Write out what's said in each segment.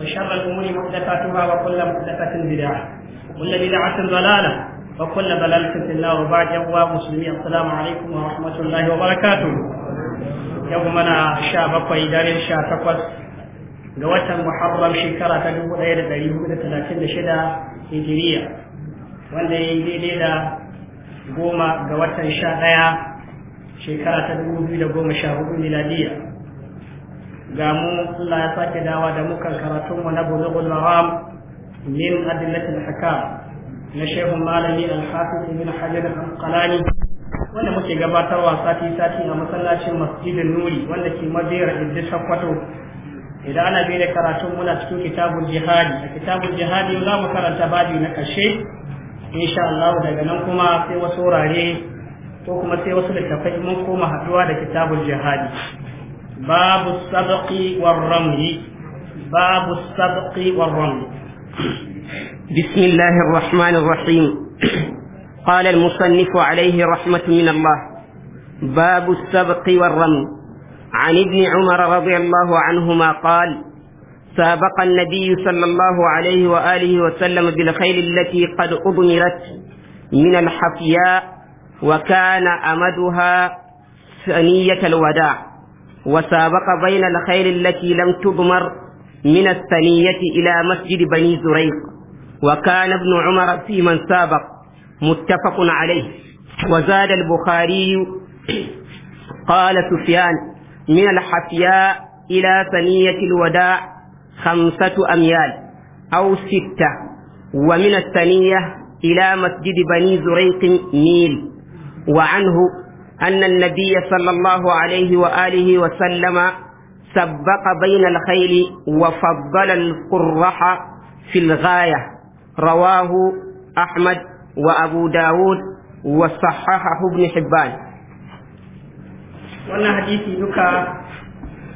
وشر الأمور محدثاتها وكل محدثة بدعة وكل بدعة ضلالة وكل ضلالة في النار وبعد يا مسلمين السلام عليكم ورحمة الله وبركاته يومنا شاب دار شاب ga watan Muharram shekara ta dubu ɗaya da ɗari hudu da talatin da shida Hijiriya wanda ya yi daidai da goma ga watan sha ɗaya shekara ta dubu biyu da goma sha ga mu Allah ya sake dawa da mukan karatun mu na bulughul maram min adillatil hakam na shehu malami al-hafiz ibn hajar al qalani wanda muke gabatarwa sati sati a masallacin masjidin nuri wanda ke madira inda shakwato idan ana bi da karatun muna cikin kitabul jihadi a kitabul jihadi za mu karanta babi na kashe insha Allah daga nan kuma sai wasu wurare ko kuma sai wasu littafai mun koma haɗuwa da kitabul jihadi باب السبق والرمي باب السبق والرمي بسم الله الرحمن الرحيم قال المصنف عليه رحمة من الله باب السبق والرمي عن ابن عمر رضي الله عنهما قال سابق النبي صلى الله عليه وآله وسلم بالخيل التي قد أضمرت من الحفياء وكان أمدها ثنية الوداع وسابق بين الخيل التي لم تضمر من الثنية إلى مسجد بني زريق وكان ابن عمر في من سابق متفق عليه وزاد البخاري قال سفيان من الحفياء إلى ثنية الوداع خمسة أميال أو ستة ومن الثنية إلى مسجد بني زريق ميل وعنه أن النبي صلى الله عليه وآله وسلم سبق بين الخيل وفضل القرح في الغاية رواه أحمد وأبو داود وصححه ابن حبان wannan hadisi duka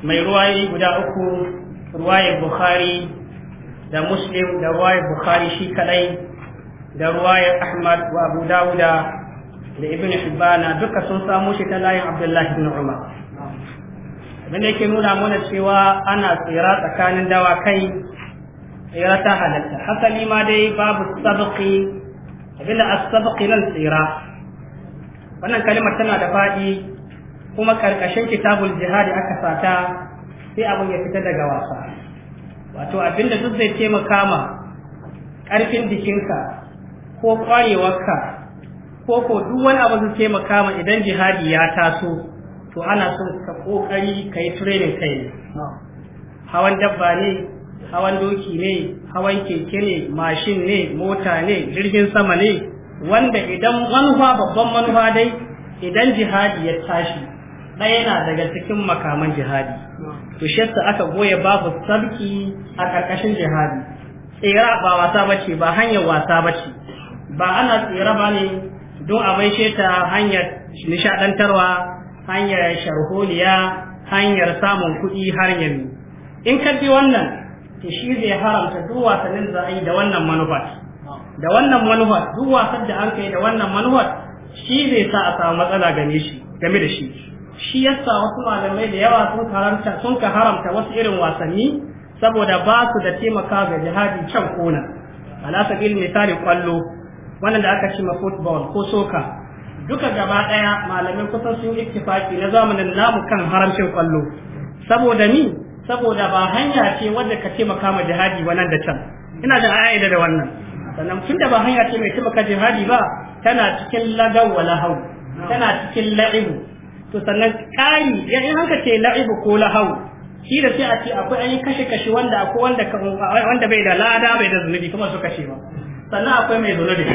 mai ruwayi guda uku ruwayar bukhari da muslim da ruwayar bukhari shi kadai da ruwayar ahmad wa abu dawuda da ibn hibbana duka sun samo shi ta layin abdullahi ibn umar abinda yake nuna mana cewa ana tsira tsakanin dawakai tsira ta halatta hasali ma dai babu sabqi abin as-sabqi nan tsira wannan kalimar tana da faɗi kuma karkashin kitabul jihadi aka sata sai abin ya fita daga wasa wato abinda duk zai taimaka ma ƙarfin jikinka ko ƙwayewarka. ko ko duk wani abu zai taimaka ma idan jihadi ya taso to ana son ka kokari ka training kai ne hawan dabba ne hawan doki ne hawan keke ne mashin ne mota ne jirgin sama ne wanda idan manufa babban manufa dai idan jihadi ya tashi ɗaya na daga cikin makaman jihadi to shi aka goya babu sarki a ƙarƙashin jihadi tsira ba wasa bace ba hanyar wasa bace ba ana tsira ba ne don a maishe ta hanyar nishadantarwa hanyar sharholiya hanyar samun kuɗi har yami in ka bi wannan to shi zai haramta duk wasannin za a yi da wannan manufar da wannan manufar duk wasan da an kai da wannan manufar shi zai sa a samu matsala game shi game da shi shi yasa wasu malamai da yawa sun karanta sun ka haramta wasu irin wasanni saboda ba su da taimaka ga jihadi can kona ala sabil misali kwallo wannan da aka ce ma football ko soka duka gaba daya malamin kusan sun yi ittifaki na zamanin namu kan haramcin kwallo saboda ni saboda ba hanya ce wadda ka taimaka ma jihadi wannan da can ina da ayyada da wannan sannan tun da ba hanya ce mai maka jihadi ba tana cikin lagaw wala hau tana cikin la'ibu to sannan ya in hanka ce la'ibu ko lahau shi da sai a ce akwai an yi kashe kashe wanda akwai wanda wanda bai da lada bai da zunubi kuma su kashe ba sannan akwai mai zaune da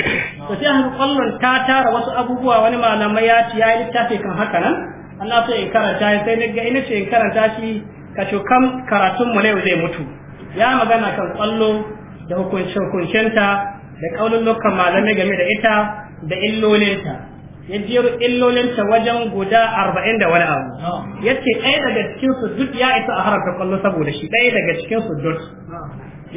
sai haka kwallon ta tara wasu abubuwa wani malamai ya ci ya yi littafi kan haka nan Allah so in karanta sai na ga ina ce in karanta shi ka kam karatun mu yau zai mutu ya magana kan kwallo da hukuncin hukuncenta da kaulullukan malamai game da ita da illolinta ya jero illolinta wajen guda arba'in da wani abu ya ce ɗaya daga su duk ya isa a haramta kwallo saboda shi ɗaya daga su duk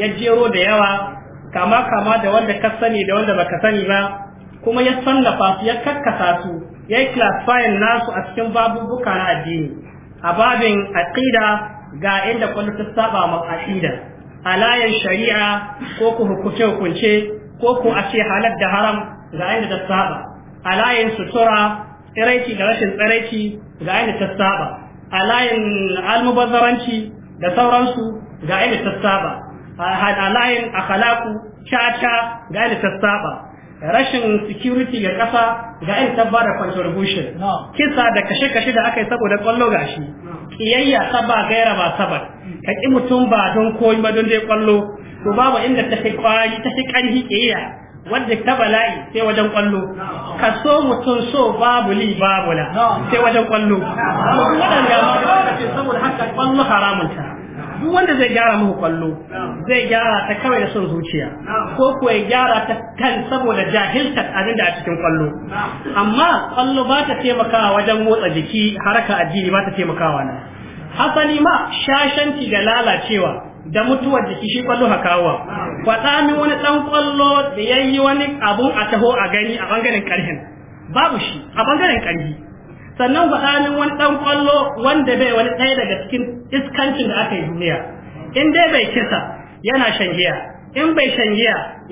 ya jero da yawa kama kama da wanda ka sani da wanda baka sani ba kuma ya sannafa su ya kakkasa su ya yi classifying nasu a cikin babubuka na addini a babin aqida ga inda kullu ta saba ma aqida alayan shari'a ko ku hukunce hukunce ko ku a ce halal da haram ga inda ta saba alayan sutura tsiraici da rashin tsiraici ga inda ta saba alayan almubazzaranci da sauransu ga inda ta saba hada layin akhlaku caca ga ta saba rashin security ga kasa ga in tabbara contribution kisa da kashe-kashe da aka yi saboda kwallo gashi kiyayya saba gaira ba sabar ka ƙi mutum ba don koyi ba don dai kwallo to babu inda ta fi kwari ta fi ƙarfi kiyayya wanda ta bala'i sai wajen kwallo ka so mutum so babu li babu la sai wajen kwallo waɗanda ma saboda haka kwallo haramun ta duk wanda zai gyara muku kwallo zai gyara ta kawai da son zuciya ko kuwa ya gyara ta kan saboda jahiltar abin da a cikin kwallo amma kwallo ba ta taimakawa wajen motsa jiki haraka addini ba ta taimakawa na hasali ma shashanci da lalacewa da mutuwar jiki shi kwallo hakawa faɗa min wani ɗan kwallo da yayi wani abun a taho a gani a bangaren karhin babu shi a bangaren karhi sannan faɗanin wani ɗan ƙwallo wanda bai wani ɗaya daga cikin iskancin da aka yi duniya in dai bai kisa yana shan giya in bai shan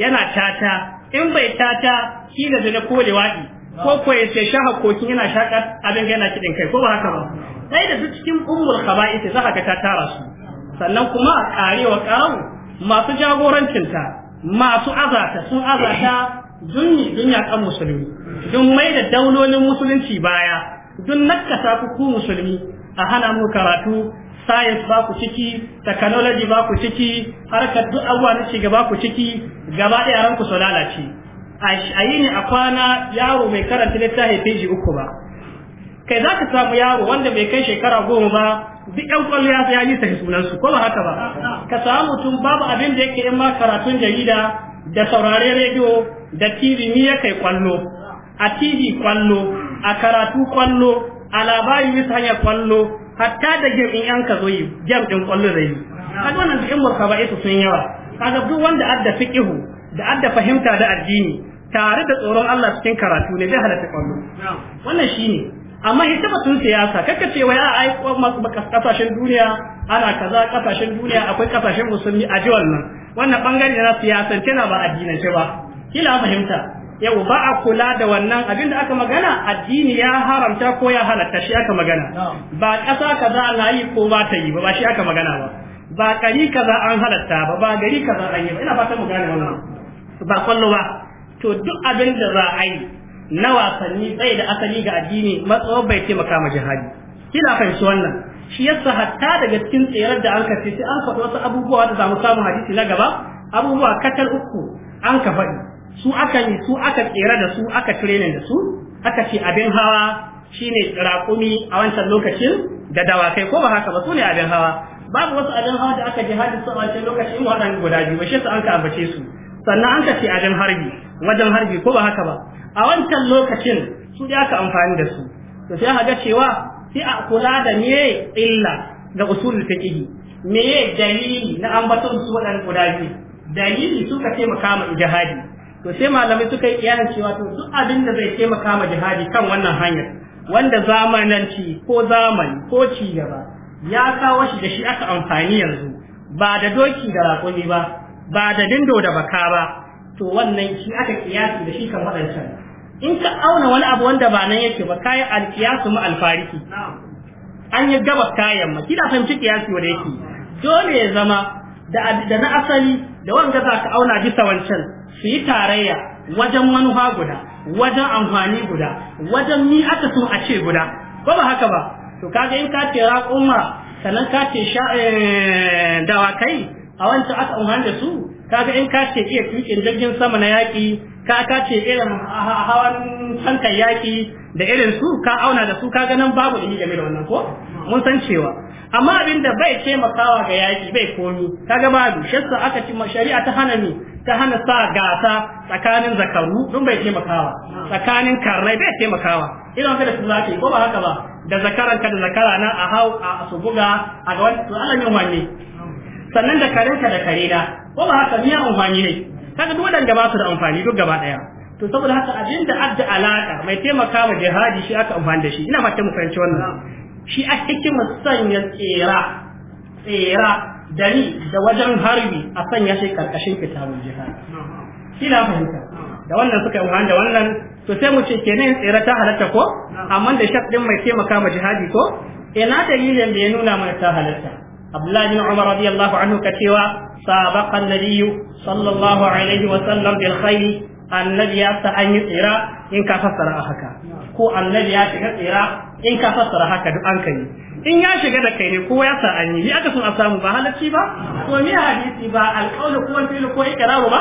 yana tata in bai tata shi da zina ko da ko ko ya sai sha hakokin yana shaƙar abin gana kiɗin kai ko ba haka ba ɗaya da duk cikin ummul ita za ka ga ta tara su sannan kuma wa ƙarau masu jagorancinta masu azata sun azata dunyi dunya kan musulmi dun mai da daulolin musulunci baya duk nakasa ku ku musulmi a hana mu karatu science ba ku ciki technology ba ku ciki harkar duk abuwa na ba ku ciki gaba ɗaya ranku su lalace a yi ne a kwana yaro mai karanta littafi feji uku ba kai za ka samu yaro wanda bai kai shekara goma ba duk yan kwallo ya ta sunan su ko ba haka ba ka samu mutum babu abin da yake in ma karatun jarida da saurare rediyo da tv ni ya kai kwallo a tv kwallo a karatu kwallo a labari bisa hanyar kwallo hatta da gem yan ka zo yi gem din kwallo zai yi kaga wannan cikin murkabaitu sun yawa kaga duk wanda adda ihu, da adda fahimta da addini tare da tsoron Allah cikin karatu ne zai halatta kwallo wannan shine amma ita sun siyasa kaka ce wai a ai kasashen duniya ana kaza kasashen duniya akwai kasashen musulmi a ji wannan wannan bangare na siyasance na ba addinance ba kila fahimta yau ba a kula da wannan Abin da aka magana addini ya haramta ko ya halatta shi aka magana ba ƙasa za na yi ko ba ta yi ba ba shi aka magana ba ba gari za an halatta ba ba gari za an yi ba ina fatan ta magana wannan ba kwallo ba to duk abin da za a yi na wasanni tsaye da asali ga addini matsawar bai taimaka ma jihadi kina fahimci wannan shi yasa hatta daga cikin tsayar da an kace sai an faɗi wasu abubuwa da za mu samu hadisi na gaba abubuwa katal uku an ka faɗi su aka yi su aka tsira da su aka training da su aka ce abin hawa shine raƙumi a wancan lokacin da dawakai ko ba haka ba su ne abin hawa babu wasu abin hawa da aka jihadi su a wancan lokacin waɗanda guda biyu shi su an ka ambace su sannan an ka ce abin harbi wajen harbi ko ba haka ba a wancan lokacin su da aka amfani da su to sai haka cewa sai a kula da me illa da usulul fiqh me dalili na ambaton su waɗanda guda biyu dalili suka taimaka ma jihadi to sai malamai suka yi iyayen cewa to duk abin da zai taimaka ma jihadi kan wannan hanyar wanda zamananci ko zamani ko ci gaba ya kawo shi da shi aka amfani yanzu ba da doki da raƙumi ba ba da dindo da baka ba to wannan shi aka kiyasi da shi kan waɗancan in ka auna wani abu wanda ba nan yake ba kayan alkiyasu mu alfariki an yi gaba kayan ma kina fahimci kiyasi wanda yake dole ya zama da na asali da wanda za ka auna bisa wancan su yi tarayya wajen manufa guda wajen amfani guda wajen mi aka so a ce guda ko ba haka ba to kaga in ka ce raƙuma sannan ka ce eh, dawakai a wancan aka amfani da su kaga in ka ce iya tukin jirgin sama na yaƙi ka ka ce irin hawan tankan yaƙi da irin su ka auna da su kaga nan babu ilimi game da wannan ko mun san cewa amma abin da bai taimakawa ga yaki bai koyo kaga babu shassa aka ci shari'a ta hana ni ta hana sa gasa tsakanin zakaru don bai taimakawa tsakanin karrai bai taimakawa idan ka da su zaki ko ba haka ba da zakaran ka da zakara na a hau a su buga a ga wani to Allah ne wani sannan da karen ka da kare da ko ba haka miya amfani ne kaga duk wanda ba su da amfani duk gaba daya to saboda haka abin da adda alaka mai taimaka ma jihadi shi aka amfani da shi ina fata mu fahimci wannan shi a hikimar sanya tsera tsera dari da wajen harbi a sanya shi karkashin kitabun shi na fahimta da wannan suka yi da wannan to sai mu ce kenan tsera ta halatta ko amma da shak ɗin mai taimaka ma jihadi ko ina dalilin da ya nuna mana ta halatta Abdullahi bin Umar radiyallahu anhu ka cewa sabaqa an-nabiyyu sallallahu alaihi wa sallam bil annabi ya sa an yi tsira in ka fassara a haka ko annabi ya shiga tsira in ka fassara haka duk an kai in ya shiga da kai ne kowa ya sa an yi ni aka sun a samu ba halacci ba ko ni hadisi ba alƙawli kuma fi'li ko ikraru ba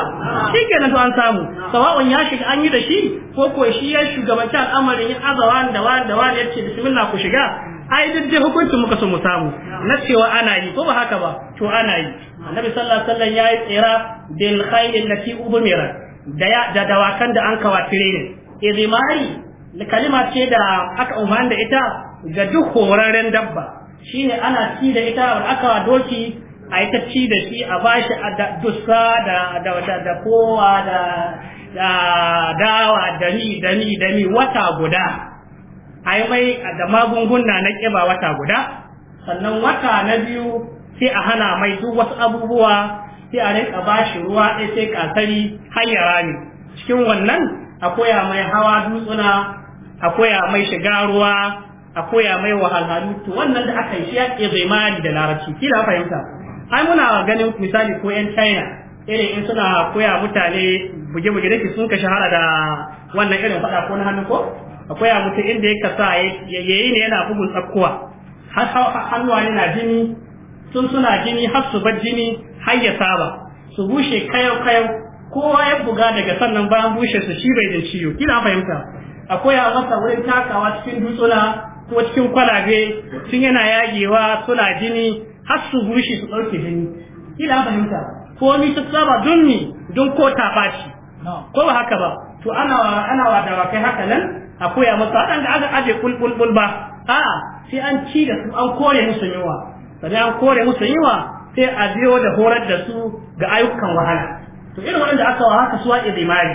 shikenan to an samu sawa'un ya shiga an yi da shi ko ko shi ya shugabanci al'amarin yin azawa da wani da wani ce bismillah ku shiga ai duk dai hukuncin muka so mu samu na cewa ana yi ko ba haka ba to ana yi annabi sallallahu alaihi wasallam yi tsira bil khayl lati ubmirat da dawakan da an kawa training izimari kalima ce da aka umarni da ita ga duk horarren dabba shine ana ci da ita wa aka wa doki a yi ci da shi a bashi a dusa da da kowa da dawa da ni da wata guda a mai da magunguna na ƙiba wata guda sannan wata na biyu sai a hana mai duk wasu abubuwa sai a rinka ba shi ruwa ɗaya sai ƙasari hanyar ne. rami cikin wannan a koya mai hawa dutsuna a koya mai shiga ruwa a koya mai wahalhalu to wannan da aka yi shi ya mari da larabci kila fahimta ai muna ganin misali ko yan china irin in suna koya mutane buge-buge dake sun ka shahara da wannan irin faɗa ko na hannu ko akwai mutum inda ya sa ya yi ne yana bugun tsakkuwa har hannuwa yana jini sun suna jini har su bar jini har ya saba su bushe kayau kayau kowa ya buga daga sannan bayan bushe su shi bai da ciwo kina fahimta akwai a masa wurin takawa cikin dutsuna ko cikin kwalabe tun yana yagewa suna jini har su bushe su ɗauke jini kina fahimta ko ni ta saba don ni don ko ta ɓaci ko ba haka ba to ana ana wa kai haka nan a koya musu waɗanda aka aje kulkulkul ba a'a sai an ci da su an kore musu yiwa sai an kore musu yiwa sai a biyo da horar da su ga ayyukan wahala to irin wanda aka wa haka suwa imani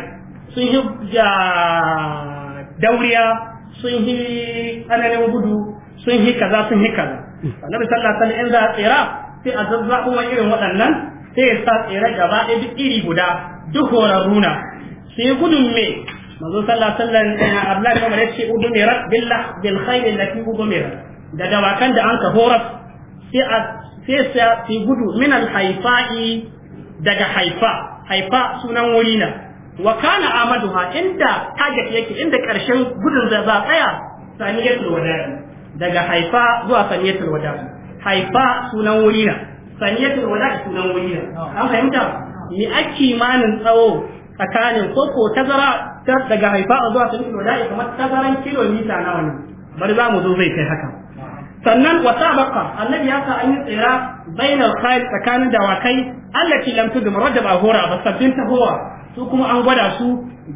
sun yi dauriya sun yi tsananin gudu sun yi kaza sun yi kaza annabi sallallahu alaihi wasallam in za a tsira sai a zazzabo irin waɗannan sai ya sa tsira gaba ɗaya duk iri guda duk horaruna. sai gudun me manzo sallallahu alaihi wasallam Abdullahi kamar yace udumira billah bil khair allati udumira da dawakan da an ka horar sai a sai su gudu min haifa'i daga haifa haifa sunan wuri na wa kana ha inda target yake inda karshen gudun da za tsaya saniyatul wada daga haifa zuwa saniyatul wada haifa sunan wuri na saniyatul wada sunan wuri na an fahimta ni ake imanin tsawo tsakanin koko tazara daga haifa zuwa saniyatul wada kamar tazaran kilomita nawa ne bari za mu zo zai kai haka sannan wa sabaqa annabi ya sa an yi tsira bainal khair tsakanin dawakai allati lam tudum radda ba hora ba sabbin ta tahowa su kuma an gwada su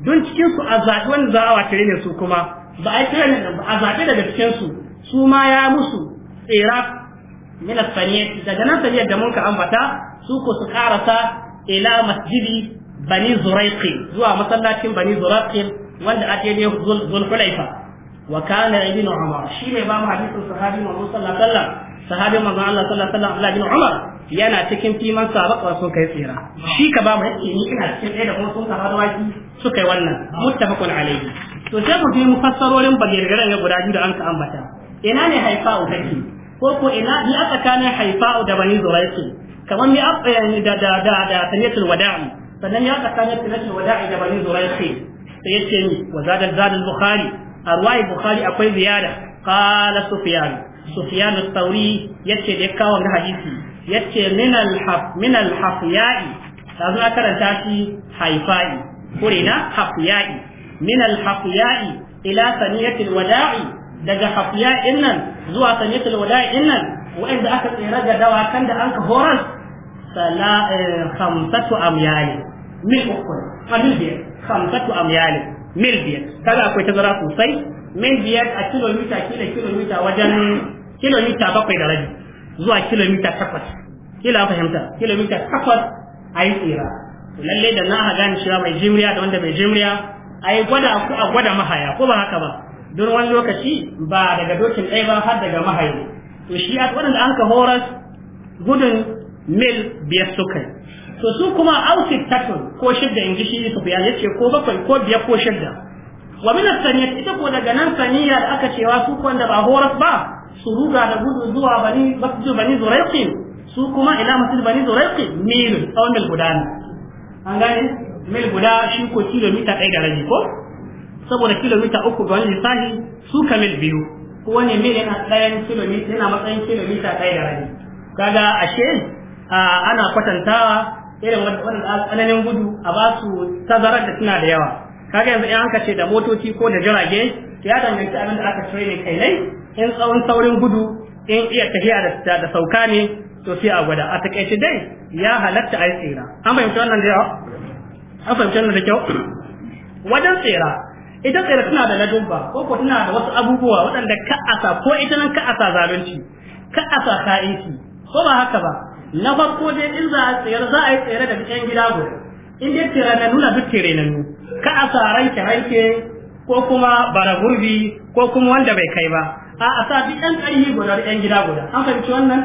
don cikin su a zaɓi wanda za a wakire ne su kuma ba a kira ne ba a zaɓi daga cikin su su ma ya musu tsira min saniyati daga nan saniyar da mun ka ambata su ko su karasa ila masjidi bani zuraiqi zuwa masallacin bani zuraiqi wanda ake ne zulhulaifa wa kana ibn umar shi ne ba mu hadisin sahabi manzo sallallahu alaihi sahabi manzo Allah sallallahu alaihi wasallam Abdullah yana cikin fiman sabaka sun kai tsira shi ka ba mu yake ina cikin ɗaya da kuma sun kafa wannan muttafaqun alaihi to sai ku bi mufassarorin bagirgaran ya guda biyu da an ka ambata ina ne haifa'u take ko ko ina ni a tsakanin haifa'u da bani zuraisu kamar ni a eh, da da da da sanatul wada'i sannan ya tsakanin sanatul wada'i da bani zuraisu sai yace ni wa zadal zadal bukhari a ruwayi bukhari akwai ziyara qala sufyan sufyan al-thawri yace da kawo na hadisi yace min al-haf min al-hafya'i dazu karanta shi haifai kurina hafya'i min al-hafya'i ila saniyati al-wada'i daga hafya'in nan zuwa saniyati al nan wa'anda aka tsira ga dawakan da an ka horar sala eh, khamsatu amyali mil uku amil biyar khamsatu amyali mil biyar kaga akwai tazara sosai mil biyar a kilomita kila kilomita wajen kilomita bakwai da rabi zuwa kilomita takwas kila fahimta kilomita takwas a yi tsira lalle da na gane cewa mai jimriya da wanda mai jimriya a yi gwada a gwada mahaya ko ba haka ba don wani lokaci ba daga dokin ɗaya ba har daga mahayi to shi a waɗanda an ka horas gudun mil biyar sukai to su kuma aw sittatun ko shidda in ji shi su ya ce ko bakwai ko biyar ko shidda wa min as-saniyat ita ko daga nan saniya da aka cewa su ko da ba horas ba su ruga da gudu zuwa bani basu bani zuraiqin su kuma ila masjid bani zuraiqin mil tsawon mil guda ne an gane mil guda shi ko kilomita ɗaya da rabi ko saboda kilomita uku ga wani lissafi su ka mil biyu ko wani mil yana ɗayan kilomita yana matsayin kilomita ɗaya da rabi kaga ashe ana kwatantawa irin wanda tsananin gudu a ba su tazarar da suna da yawa kaga yanzu in aka ce da motoci ko da jirage ya danganci abin da aka ne kai ne in tsawon saurin gudu in iya tafiya da, da sauka ne to sai a gwada a takaice dai ya halatta a yi tsira an fahimci wannan da yawa an fahimci wannan da kyau wajen tsira ita tsira tana da ladubba ko ko tana da wasu abubuwa waɗanda ka'asa ko ita nan ka'asa zalunci ka'asa ka'inci ko ba haka ba na farko dai in za a tsayar za a yi tsayar da yan gida guda in dai na nuna duk nu. ka a sa ranke ranke ko kuma bara gurbi ko kuma wanda bai kai ba a a sa duk yan ƙarfi guda da yan gida guda an fahimci wannan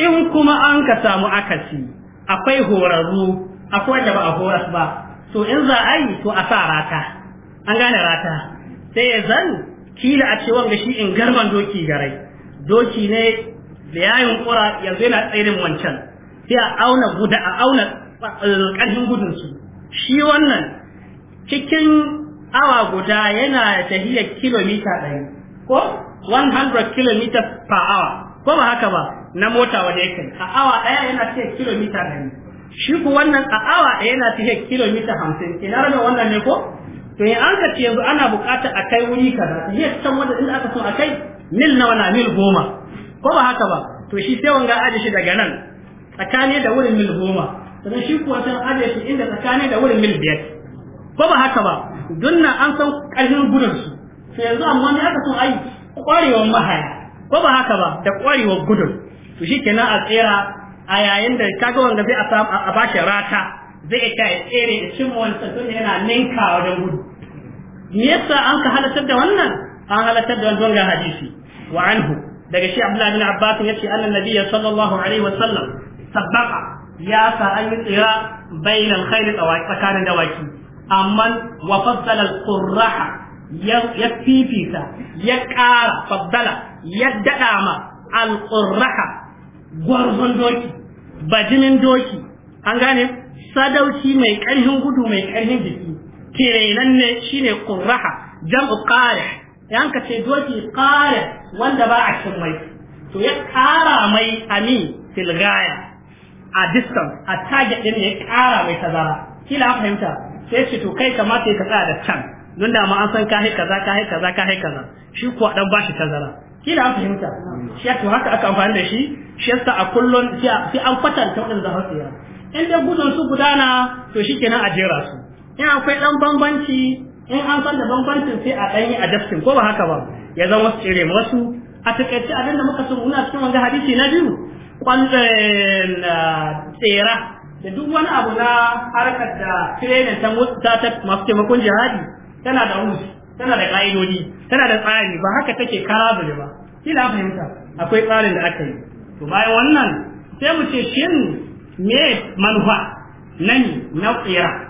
in kuma an ka samu akasi akwai horarru akwai wanda ba a horas ba to in za a yi to a sa rata an gane rata sai ya zan kila a ce wanga shi in garman doki garai doki ne da ya yanzu yana tsairin wancan sai a auna guda a auna ƙarfin gudunsu shi wannan cikin awa guda yana tafiya kilomita ɗari ko 100 km per hour ko ba haka ba na mota wanda yake a awa ɗaya yana tafiya kilomita ɗari shi ku wannan a awa ɗaya yana tafiya kilomita hamsin ina rabin wannan ne ko to in an kace yanzu ana buƙatar a kai wuri kaza tahiyar can wanda inda aka so a kai mil nawa na mil goma ko ba haka ba to shi sai wanga aje shi daga nan tsakani da wurin mil goma sannan shi kuwa san aje shi inda tsakani da wurin mil biyar ko ba haka ba dunna an san ƙarfin gudun su to yanzu amma ne aka san ayi ƙwarewar mahaya ko ba haka ba da ƙwarewar gudun to shi kenan a tsera a yayin da kaga wanda zai a bashi rata zai iya kai tsere da cin wancan tun yana ninka da gudu me yasa an ka halatar da wannan an halatar da wannan hadisi wa anhu daga shi Abdullah bin Abbas yace annan nabiyyi sallallahu alaihi wasallam sabbaqa ya sa an yi tsira bainal khayl tsakanin dawaki amma wa faddala al ya fifita ya ƙara faddala ya daɗa ma al-qurraha gwarzon doki bajinin doki an gane sadauki mai ƙarfin gudu mai ƙarfin jiki kenan ne shine ƙurraha jam'u qarih yan ka ce doki kare wanda ba a cin mai to ya kara mai amin fil gaya a distance a target din ya kara mai tazara kila an fahimta sai ce to kai kamata ka tsaya da can don da ma an san ka kaza ka kaza ka kaza shi kuwa dan bashi tazara kila an fahimta shi to haka aka amfani da shi shi yasa a kullun sai an kwatanta wadanda za su yi in dai gudun su gudana to shikenan a jera su in akwai dan bambanci in an san da bambancin sai a ɗanyi a daftin ko ba haka ba ya zama wasu tsere wasu a takaice abin da muka so muna cikin wanga hadisi na biyu eh, tsera da duk wani abu na harkar da training ta ta masu taimakon jihadi tana da rus tana da ƙa'idodi tana da tsari ba haka take da ba kila fahimta akwai tsarin da aka yi to bayan wannan sai mu ce shin me manufa nan na tsira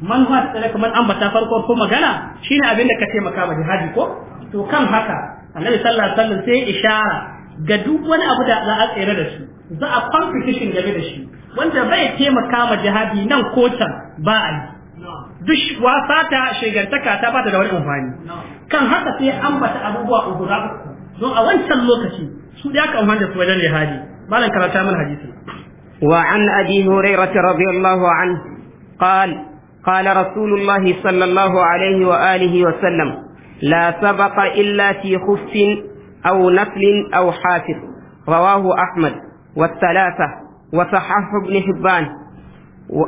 manufa ta tsare kamar an bata farko ko magana shine abin da ka taimaka ma jihadi ko to kan haka annabi sallallahu alaihi wasallam sai ya ishara ga duk wani abu da za a tsere da shi za a competition game da shi wanda bai taimaka ma jihadi nan ko can ba a yi duk wasa ta shigantaka ta bata da wani amfani kan haka sai an bata abubuwa uku za uku don a wancan lokaci su da aka amfani da su wajen jihadi malam karanta mana hadisi وعن أبي هريرة رضي الله عنه قال قال رسول الله صلى الله عليه وآله وسلم لا سبق إلا في خف أو نفل أو حافظ رواه أحمد والثلاثة وصححه ابن حبان و...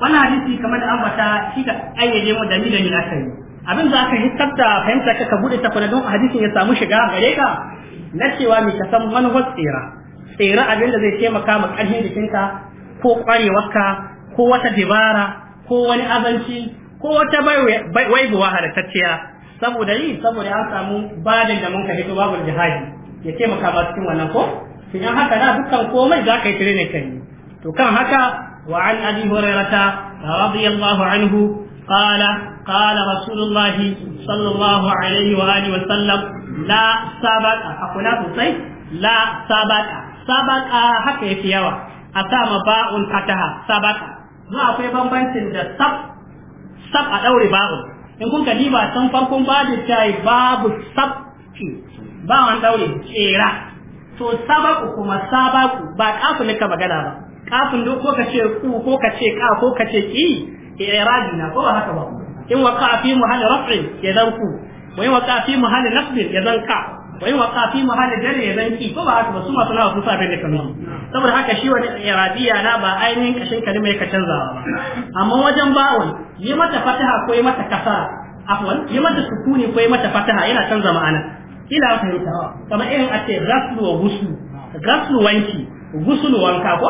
wannan hadisi kamar da ambata shi ka ayyade mu dalilin da aka yi abin za ka hisabta fahimta ka bude ta don hadisin ya samu shiga gare ka na cewa mai ka san manufar tsira tsira abinda zai taimaka ma ƙarfin jikinka ko ƙwarewarka ko wata dibara ko wani azanci ko wata waibuwa halittacciya saboda yi saboda an samu badin da mun hito babu jihadi ya taimaka ba cikin wannan ko in haka na dukkan komai za ka yi tare ne kai to kan haka وعن أبي هريرة رضي الله عنه قال قال رسول الله صلى الله عليه واله وسلم la sabaka akwai kula sosai la sabaka sabaka haka yafi yawa a sa ma ba'un fataha sabaka zuwa akwai bambancin da sab sab a daure ba'un in kun kalli ba san farkon babu tayi babu sab ba wan daure tsera to sabaku kuma sabaku ba kafin ne ka magana ba kafin duk ko ce ku ko ka ce ka ko ka ce ki ya na ko ba haka ba in waqa fi muhalli raf'in yadan ku wa yi waka fi muhalli nasbin ya zan ka wa yi waka fi muhalli jari ya zan ki ko ba haka ba su masu lawa kusa da kanu saboda haka shi wani iradiya na ba ainihin kashin kalima ya ka canzawa ba amma wajen ba'un yi mata fataha ko yi mata kasa afwan yi mata sukuni ko yi mata fataha yana canza ma'ana yi tawa kamar irin a ce gaslu wa guslu gaslu wanki guslu wanka ko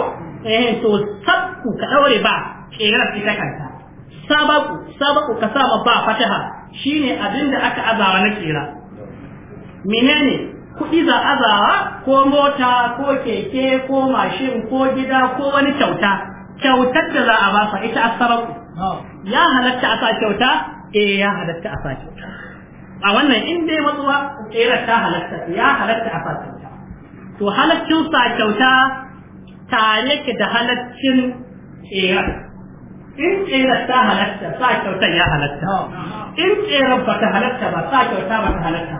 eh to sabku ka daure ba kerar ita kanta sabaku sabaku ka sama ba fataha shine abin da aka azawa na kira menene kuɗi za azawa ko mota ko keke ko mashin ko gida ko wani kyauta kyautar da za a ba sa ita asaraku ya halatta a sa kyauta eh ya halatta a sa kyauta a wannan in dai matsuwa kera ta halatta ya halatta a sa kyauta to halaccin sa kyauta tare ke da halaccin kera in tsere ta halatta sa kyauta ya halatta in tsere ba ta halatta ba sa kyauta ba ta halatta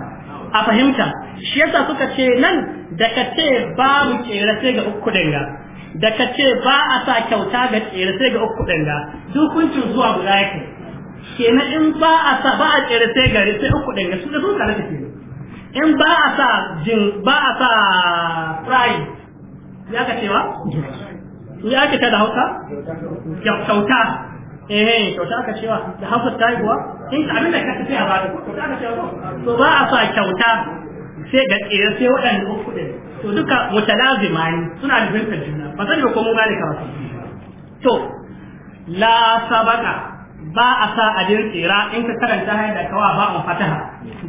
a fahimta shi yasa suka ce nan da ka ce babu tsere sai ga uku dinga da ka ce ba a sa kyauta ga tsere sai ga uku dinga dukuncin zuwa guda yake kenan in ba a sa ba a tsere sai ga sai uku dinga su da su kare da kenan in ba a sa jin ba a sa fry ya ka cewa ya ake ta da hausa kyauta eh kyauta aka cewa da hausa ta kuwa in eh, ka abin da ka tafiya ba da to ba a sa kyauta sai ga tsere sai waɗanda uku ɗin to duka mutalazima ne suna da binta juna ba zan yi komo mu gane kawai to la sabaka ba a sa abin tsira in ka karanta hanyar da kawa ba a fataha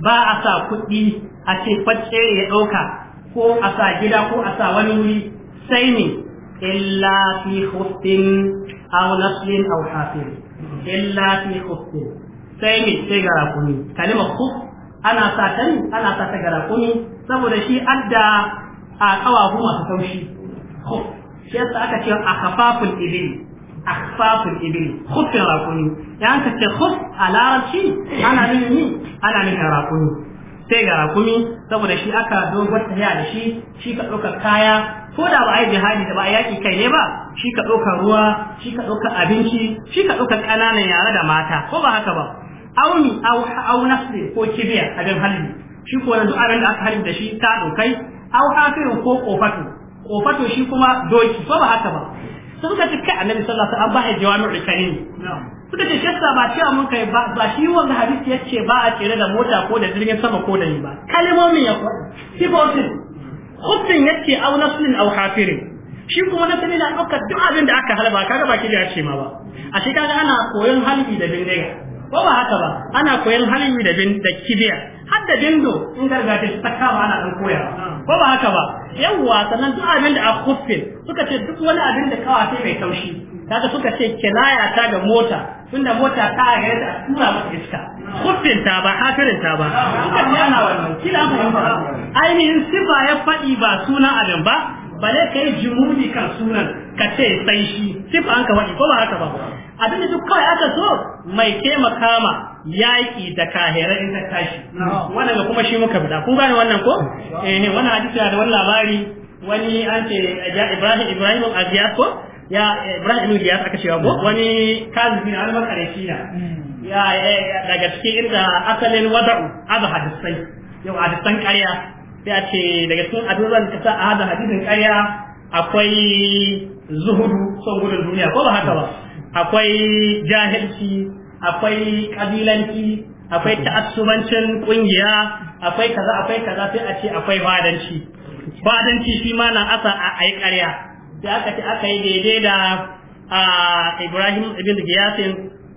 ba a sa kuɗi a ce facce ya ɗauka ko a sa gida ko a sa wani wuri sai ne illa fi khuftin aw naslin aw hafin illa fi khuftin sai mi sai ga rakumi kalimar khuf ana sa ta ana sa ga rakumi saboda shi adda a kawafu masu taushi khuf shi aka ce akhfaful ibil akhfaful ibil khufin rakumi yan ka ce khuf a larabci ana nufin ana nufin rakumi sai ga rakumi saboda shi aka dogon tafiya da shi shi ka ɗauka kaya ko da ba a yi jihadi da ba a yaki kai ne ba shi ka ɗauka ruwa shi ka ɗauka abinci shi ka ɗauka ƙananan yara da mata ko ba haka ba auni au nasri ko kibiya abin halin shi ko na du'aran da aka halin da shi ta ɗaukai au hafirin ko ƙofatu ƙofatu shi kuma doki ko ba haka ba sun ka ci kai annabi sallallahu alaihi wasallam ba ya jawami'ul kalim suka ce shasta ba cewa mun kai ba ba shi wanda hadisi ya ce ba a tsere da mota ko da jirgin sama ko da ni ba kalmomin ya faɗi sifotin hutun ya ce au naslin au hafirin shi kuma na sani na ɗaukar duk abin da aka halba kaga baki da ya ce ma ba a shi kaga ana koyon halbi da bindiga ko ba haka ba ana koyon halbi da bin da kibiya har da dindo in gargaje ta kama ana dan koya ko ba haka ba yawwa sannan duk abin da a kuffin suka ce duk wani abin da kawace mai taushi kaga suka ce kinaya ta ga mota tunda mota ta ga yadda a tura mata iska kuffin ta ba kafirin ta ba suka ce ana wannan kila fahimta ainihin sifa ya faɗi ba sunan abin ba bale kai jumuni kan sunan ka ce sai shi sifa an ka wani ko ba haka ba abin da duk kawai aka so mai taimaka ma yaƙi da kahirar in ta tashi wannan kuma shi muka bida kun gane wannan ko eh wannan hadisi da wannan labari wani an ce Ibrahim Ibrahim Aziyako ya eh, Ibrahim ya aka cewa wani kazimi har makarashi na hmm. ya eh, daga cikin inda asalin wada'u abu hadisai yau hadisan karya ya ce daga cikin abubuwan kasa a hada hadisin karya akwai zuhudu son gudun duniya ko ba haka ba hmm. akwai jahilci akwai kabilanci akwai hmm. ta'assumancin kungiya akwai kaza akwai kaza sai a ce akwai fadanci fadanci shi ma na asa a yi karya. da aka ci aka yi daidai da Ibrahim ibn Giyasin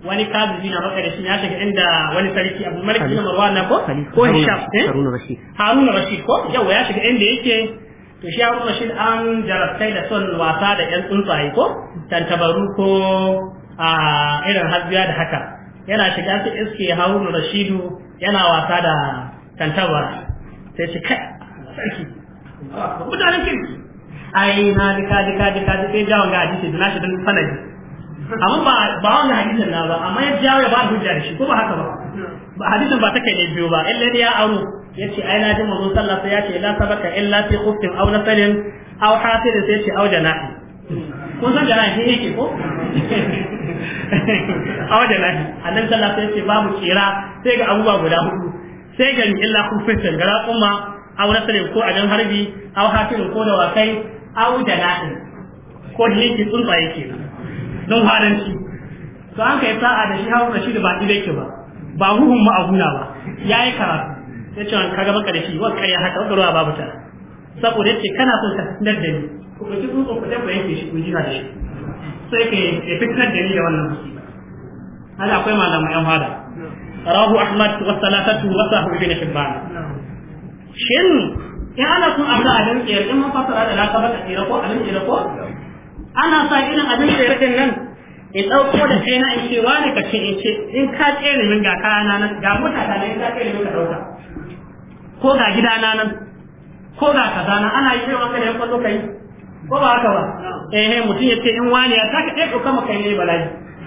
wani kazi na maka da shi ya shiga inda wani sarki Abu Malik ibn Marwan na ko ko Hisham eh? Harun Rashid Harun Rashid ko yau ya shiga inda yake to shi Harun Rashid an jarabtai da son wasa da 'yan tsuntsaye ko tantabaru ko a irin hazbiya da haka yana shiga su iske Harun Rashidu yana wasa da tantabara sai shi kai sarki mutanen kirki ai na ji kaji kaji kaji sai jawon ga hadisi da nashi don sanadi amma ba ba wannan hadisin na ba amma ya jawo ya ba da hujja shi ko ba haka ba ba hadisin ba ta kai ne biyo ba illa ya aro ya ce ai na ji manzon sallallahu alaihi ya ce la sabaka illa fi khuftin aw nasalin aw hatir sai ce aw janahi kun san janahi shi yake ko aw janahi annabi sallah sai ce babu kira sai ga abubuwa guda hudu sai ga illa khuftin gara kuma aw nasalin ko a dan harbi aw hatir ko da wakai au da ko da sun tsuntsaye ke don haranci to an kai sa'a da shi hawa da ba ɗi ke ba ba huhun ma'aguna ba ya yi karatu ya ce wani kaga maka da shi wani karya haka wani ruwa babu ta saboda ya ce kana son ka fitinar da ni ku ɗauki tsuntsun ku tabbata yanke shi ku jira da shi sai ka ya fitinar da ni da wannan musiba haka akwai malamai yan fada rahu ahmad wa salatatu wa sahu bin hibban shin in ana sun abu a dan tsere in mun da laka baka tsira ko abin tsere ko ana sa irin abin tsira din nan in ɗauko da na in ce wani ka ce in ce in ka tsere min ga na nan ga mutane in ka tsere min ka ɗauka ko ga gidana nan ko ga kaza na ana yi irin wanka da yan kwallo kai ko ba haka ba eh, eh mutum ya ce in wani ya ka ɗaya ɗauka kai ne bala'i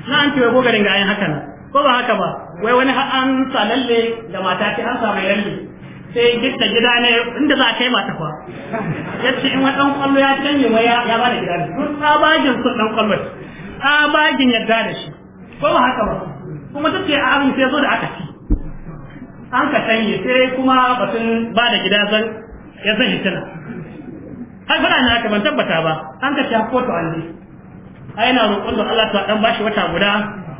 na an ce wa gogarin ga ayin haka nan ko ba haka ba wai wani har an sa lalle da mata ke an sa mai lalle sai duk da gida ne inda za a kai mata kwa ya ce in wani kwallo ya canje mai ya ba da gida ne duk tsabagin sun dan kwallo tsabagin yadda da shi ko ba haka ba kuma ta ce a abin sai zo da aka ci an ka canje sai kuma batun ba da gida zan ya zan hitina har fara na haka ban tabbata ba an ka shafi kotu an je a yana roƙon da Allah ta dan bashi wata guda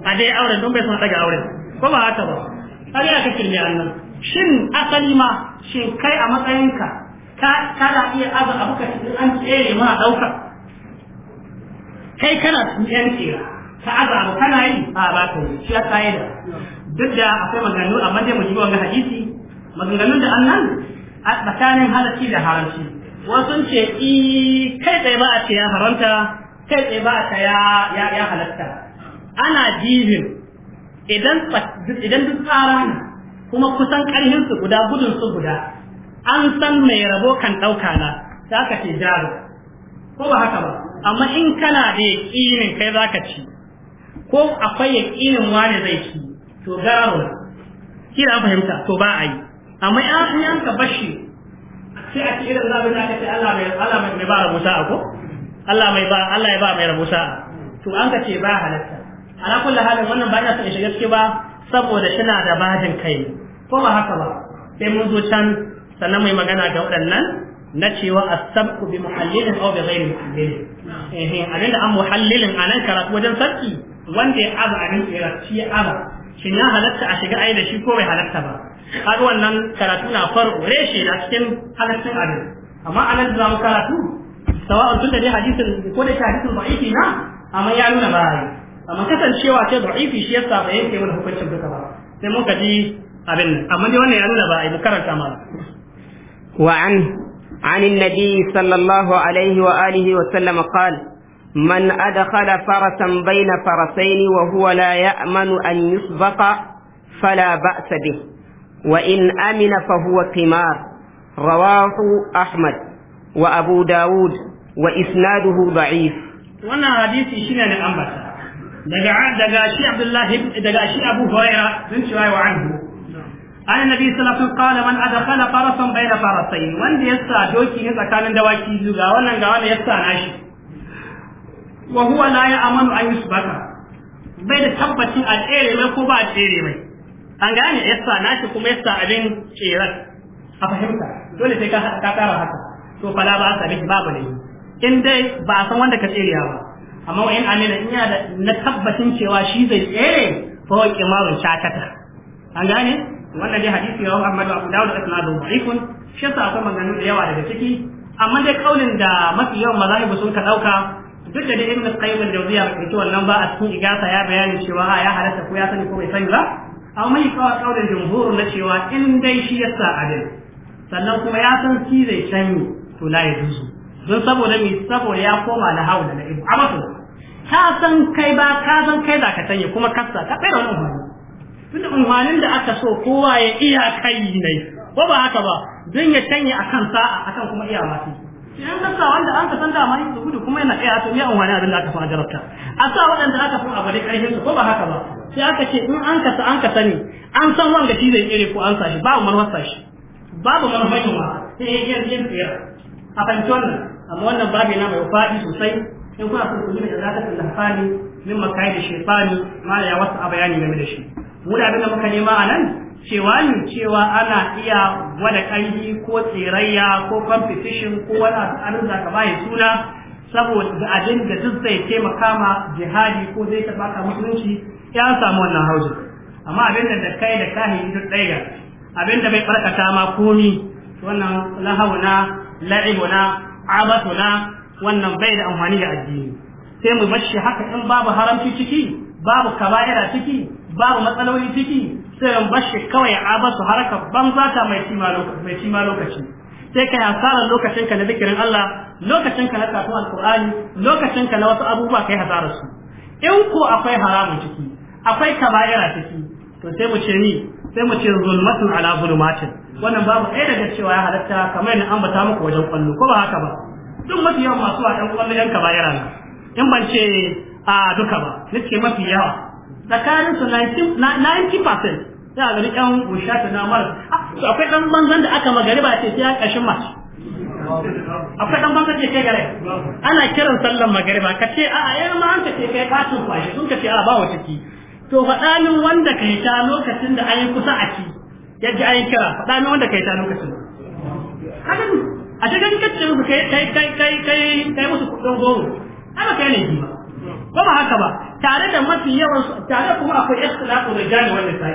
a dai auren don bai son daga auren ko ba haka ba har yana ka kirmi annan shin asali ma shin kai a matsayinka kana iya aza abu ka cikin an tsere ma dauka kai kana cikin yan tsira ka aza abu kana yi a ba ka yi shi ya da duk da akwai maganganu amma dai mu ji wannan hadisi maganganun da annan a tsakanin halacci da haramci wasu ce i kai tsaye ba a ce ya haramta kai tsaye ba a ce ya halatta ana jibin idan duk tsara ne kuma kusan karhin su guda gudun su guda an san mai rabo kan dauka na za ka ce jaro ko ba haka ba amma in kana da yaƙinin kai za ka ci ko akwai yaƙinin wani zai ci to garo da fahimta to ba a yi amma in an ka bashi sai a ce irin zabin da aka ce Allah mai Allah mai ba rabuta ko Allah mai ba Allah ya ba mai rabuta to an ka ce ba halatta ala kullu halin wannan ba ina son shiga ciki ba saboda tana da bajin kai ko ba haka ba sai mun zo can sannan mai magana ga waɗannan na cewa a asabku bi muhallilin aw bi ghairi muhallilin eh abinda an muhallilin anan karatu wajen sarki wanda ya aza abin tsira shi ya aza shin ya halatta a shiga ai da shi ko bai halatta ba Har wannan karatu na faru reshe na cikin halattun abin amma anan za karatu sawa'un tun da dai hadisin ko da hadisin ba'ifi na amma ya nuna ba amma kasancewa ce da'ifi shi yasa ba yanke wani hukuncin duka ba sai muka ji abin nan amma dai wannan ya nuna ba a yi karanta ma wa an عن النبي صلى الله عليه وآله وسلم قال من أدخل فرسا بين فرسين وهو لا يأمن أن يسبق فلا بأس به وإن أمن فهو قمار رواه أحمد وأبو داود وإسناده ضعيف وانا حديث شنو أنبتا daga daga shi abdullahi daga shi abu huraira sun cewa wa anhu an annabi sallallahu alaihi wasallam man adkhala farasan bayna farasayn wanda yasa doki ne tsakanin dawaki biyu ga wannan ga wannan yasa nashi wa huwa la ya'manu an yusbaka bai da tabbacin a tsere mai ko ba a tsere mai an gane yasa nashi kuma yasa abin tseren a fahimta dole sai ka ka kara haka to la ba sa miki babu ne in dai ba san wanda ka tsere ba amma wa in amina in yana da na tabbacin cewa shi zai tsere fa wa kimarun shatata an gane wannan dai hadisi ya Ahmad Abu Dawud isnadu dhaifun shi yasa akwai maganganu da yawa daga ciki amma dai kaulin da mafi yawan mazahibu sun ka ɗauka duk da dai ibn qayyim al-jawziya bai ce wannan ba a cikin igasa ya bayani cewa ya halatta ko ya sani ko bai sani ba amma mai kawai kaulin jumhur na cewa in dai shi yasa adil sannan kuma ya san shi zai canyi to la ya duzu don saboda mi saboda ya koma na haula na ibu abatu ka san kai ba ka san kai za ka sanya kuma kasa ka tsere wani umarni tunda umarnin da aka so kowa ya iya kai ne ko ba haka ba don ya sanya akan sa'a akan kuma iya mafi yan kasa wanda an ka san dama su gudu kuma yana iya to iya umarni abin da aka fi ajarabta a sa waɗanda aka fi abu da ƙarfin su ko ba haka ba sai aka ce in an kasa an kasa ne an san wanda shi zai tsere ko an sa shi ba umarwar sa shi babu marmari ma sai ya yi yin tsira a fahimci wannan amma wannan babu yana mai faɗi sosai in kuna son ku gina izalatul lahfani min makai da shaytani ma ya wasu a bayani game da shi mu da abin da muka nema a nan cewa ne cewa ana iya wada ƙarfi ko tsirayya ko competition ko wani abin da ka bayi suna saboda abin da duk zai taimaka ma jihadi ko zai taɓa ka musulunci ya samu wannan haujin amma abin da da kai da kahi duk ɗaya abin da bai barkata ma komi wannan lahawuna la'ibuna abatuna wannan bai da amfani ga addini sai mu bashi haka in babu haramci ciki babu kaba'ira ciki babu matsaloli ciki sai mu bashi kawai a basu haraka banza ta mai cima lokaci sai ka hasarar lokacin ka na zikirin Allah lokacin ka na karatu alkur'ani lokacin ka na wasu abubuwa kai hasarar su in ko akwai haramun ciki akwai kaba'ira ciki to sai mu ce ni sai mu ce zulmatu ala zulmatin wannan babu ɗaya daga cewa ya halatta kamar yadda an bata muku wajen kwallo ko ba haka ba duk mafi yawan masu a ɗan ƙwallo yanka kaba yara in ban ce a duka ba na ce mafi yawa tsakanin su 90% za a gani ɗan bushata na mara to akwai ɗan banzan da aka ba ce sai a ƙashin masu akwai ɗan banzan ce kai gare ana kiran sallan ba ka ce a'a yan ma an ka ce kai katin kwashe sun ka ce a ba wa ciki to faɗanin wanda ka yi ta lokacin da an yi kusa a ci yadda an yi kira faɗanin wanda ka yi ta lokacin a cikin kaccin su kai kai kai kai kai musu kudin goro ana kai ne ba ko ba haka ba tare da mafi yawan su tare kuma akwai ikhtilafu da jani wannan sai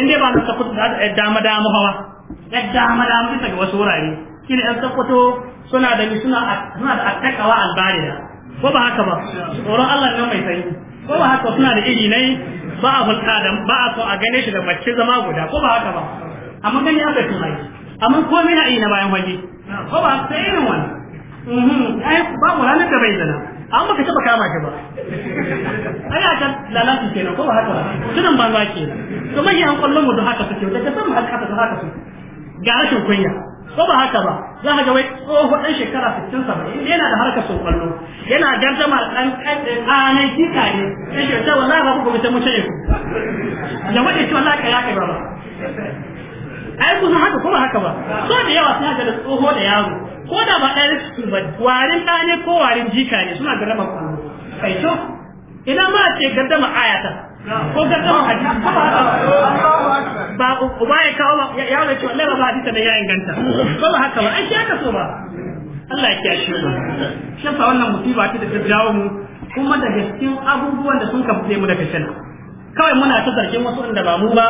in dai ba mu tafi da ya dama dama hawa ya dama dama bisa ga wasu wurare shine an tabbato suna da suna suna da attakawa albarida ko ba haka ba tsoron Allah ne mai sanyi ko ba haka suna da iri ne ba a hulɗa da ba a so a gane shi da mace zama guda ko ba haka ba amma gani aka tunai amma komai na iya na bayan waje ko ba sai irin wannan mhm ai babu ranar da bai zana an baka taba kama ka ba ai aka lalatu kenan ko ba haka ba sunan banza kenan to mai an kallon mu da haka suke da ta san haka ta haka ga rashin kunya ko ba haka ba za ka ga wai tsoho dan shekara 60 70 yana da harkar son kwallo yana gardama dan kanai kika ne sai ke ta wallahi ba ku ta mutane ku da wani ce wallahi kai ya kai ba ai kusan haka kuma haka ba so da yawa suna ga da tsoho da yaro ko da ba ɗaya su ba warin ɗa ne ko warin jika ne suna da raba kwano kai to ina ma ce gaddama ayata ko gaddama hadisi Ba ba ba ya kawo ya wala ce wallahi ba hadisi da ya inganta ko ba haka ba ai shi haka so ba Allah ya kiyashe mu shin fa wannan musiba ce da ta jawo mu kuma daga cikin abubuwan da sun kafa mu daga shana kawai muna ta zargin wasu inda ba mu ba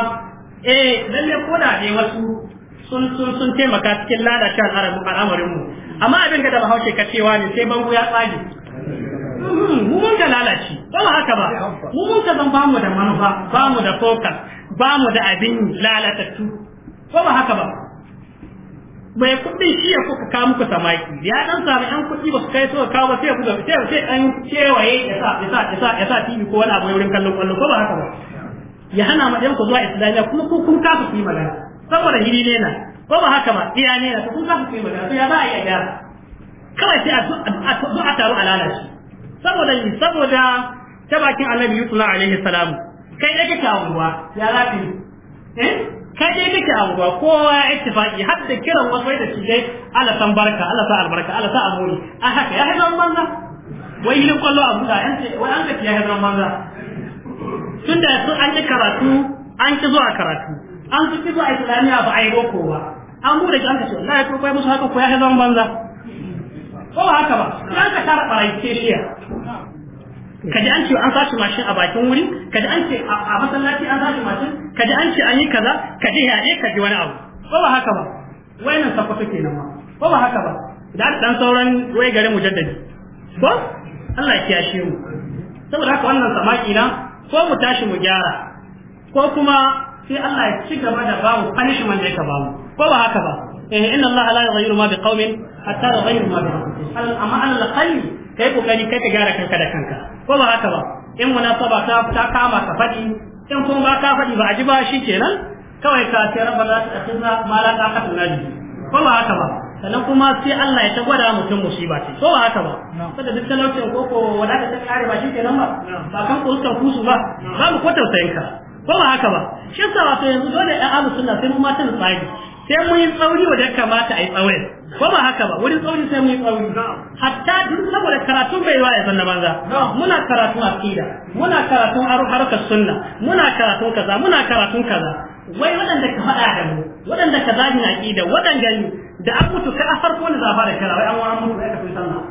eh lalle da dai wasu sun sun sun taimaka cikin lalacin haramun al'amarin mu amma abin da bahaushe ka cewa ne sai bango ya tsage mm-hmm, mu mun ka lalace ba ba haka ba mu mun ka zan bamu da manufa bamu da focus bamu da abin lalatattu ba ba haka ba mai kuɗin shi ya kuka kawo muku samaki ya dan sami yan kuɗi ba su kai suka kawo ba sai ku ga sai sai an cewaye ya sa ya sa ya sa ya sa TV ko wani abu wurin kallon kwallo ko ba haka ba ya hana ma zuwa islamiyya kuma ko kun kafa su yi magana saboda hiri ne na ko ba haka ba iya ne na kun kafa su yi magana to ya ba a iya gyara kawai sai a zo a taru a lalace saboda ni saboda ta bakin annabi yusuf alaihi salamu kai da kake anguwa ya rafi eh kai da kake anguwa kowa ya ittifaki har da kiran wasu da shi dai Allah san barka Allah sa albarka Allah sa amuri a haka ya hadan manza wai ni kwallo abu da an ce wai an ga ya hadan manza tun da an ji karatu an ci zuwa karatu an ci ci zuwa islamiyya ba a yi boko ba an bude an ce na ya kai musu haka ko ya zama banza ko ba haka ba ya ka tara barai shiya kaji an ce an sashi mashin a bakin wuri kaji an ce a masallaci an sashi mashin kaji an ce an yi kaza kaji yaje kaji wani abu ko ba haka ba wayannan sakwato kenan ma ko ba haka ba da dan sauran wai garin mujaddadi ko Allah ya kiyashe mu saboda haka wannan samaki na ko mu tashi mu gyara ko kuma sai Allah ya ci gaba da bamu punishment da yake bamu ko ba haka ba eh inna Allah la yughayyiru ma biqaumin hatta yughayyiru ma bi anfusihim amma al qalbi kai kokari kai ka gyara kanka da kanka ko ba haka ba in munasaba ta ta kama ka fadi in kuma ba ka fadi ba a ji ba shi kenan kawai ka sai rabbana ta'khidna ma la taqata lana ko ba haka ba sannan kuma sai Allah ya tagwada mutum musiba ce ko ba haka ba saboda duk talaucin ko ko wadata ta kare ba shikenan ba ba kan ko suka kusu ba ba mu ko tausayin ka ko ba haka ba shi yasa wato yanzu dole ɗan ahlus sunna sai mun mata tsari sai mun yi tsauri wa da kamata a yi tsaurin ko ba haka ba wurin tsauri sai mun yi tsauri hatta duk saboda karatun bai wa yanzu zanna banza muna karatun aqida muna karatun harkar sunna muna karatun kaza muna karatun kaza wai waɗanda ka faɗa da mu waɗanda ka na aqida waɗanda da an mutu sai an farko wanda za a kira wai an wa an mutu wai ka kai sallah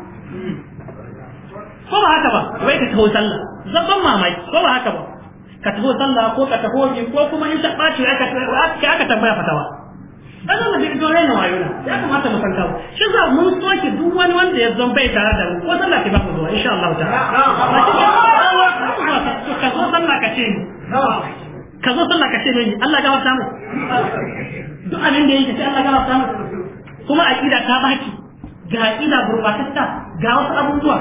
ko ba haka ba wai ka kai sallah zaban mamaki ko ba haka ba ka taho sallah ko ka taho bi ko kuma in ta ɓaci aka aka tambaya fatawa dan nan da dole ne wayo na ya kamata mu san ka shi za mu ki duk wani wanda ya zan bai tare da mu ko sallah ke ba ku zuwa insha Allah ta'ala ka zo sallah ka ce ni ka zo sallah ka ce mai Allah gafarta mu duk abin da yake sai Allah gafarta mu kuma aqida ta baki ga aqida gurbatatta ga wasu abubuwa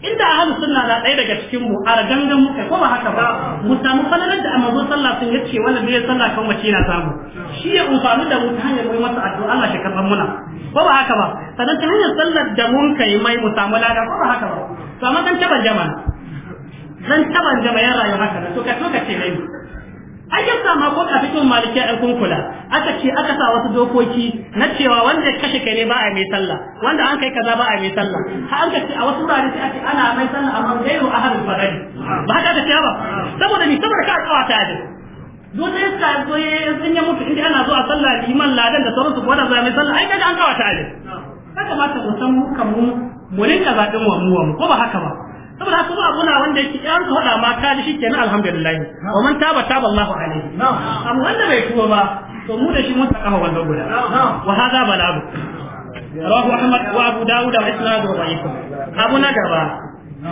inda ahlus sunna na ɗaya daga cikin mu a gangan muka ko ba haka ba mu samu falalar da annabi sallah sun yace wanda bai sallah kan mace na samu shi ya umfani da mu ta hanyar mai masa addu'a Allah shi karban muna ko ba haka ba sannan ta hanyar sallar da mun kai mai mu samu lada ko ba haka ba to amma kan taban jama'a zan taban 'yan rayuwa haka to ka to ka ce mai an ya sama ko kafin malikiya ɗan kunkula aka ce aka sa wasu dokoki na cewa wanda kashe kai ne ba a mai sallah wanda an kai kaza ba a mai sallah har an ce a wasu wurare sai ake ana mai sallah amma gairu ahadul faradi ba haka ka ce ba saboda ni saboda ka kawata da dole ya sa zo ya sun ya mutu inda ana zuwa sallah liman ladan da sauransu ko da za mai sallah ai kaga an kawata da haka ba ta san mu kan mu mu rinka zaɓin wa mu ko ba haka ba saboda haka ba abuna wanda yake yar ka hada ma ka shi kenan alhamdulillah wa man taba taba Allahu alaihi amma wanda bai tuba ba to mu da shi mun saka wannan guda wa hada balagu rawahu Ahmad wa Abu Dawud wa Isnad wa Bayhaqi abu na gaba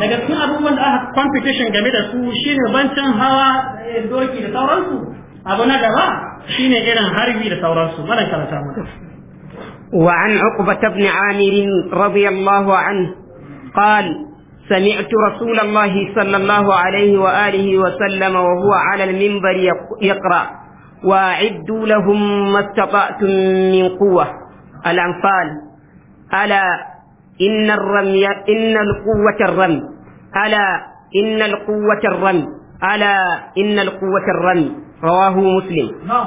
daga cikin abubuwan da aka competition game da su shine bancin hawa eh, doki da sauransu abu na gaba shine irin harbi da sauransu maran karanta mu وعن عقبة بن عامر رضي الله عنه قال سمعت رسول الله صلى الله عليه وآله وسلم وهو على المنبر يقرأ وأعدوا لهم ما استطعتم من قوة الأنفال ألا إن الرمي إن القوة الرمي ألا إن القوة الرمي ألا إن القوة الرمي رواه مسلم نعم.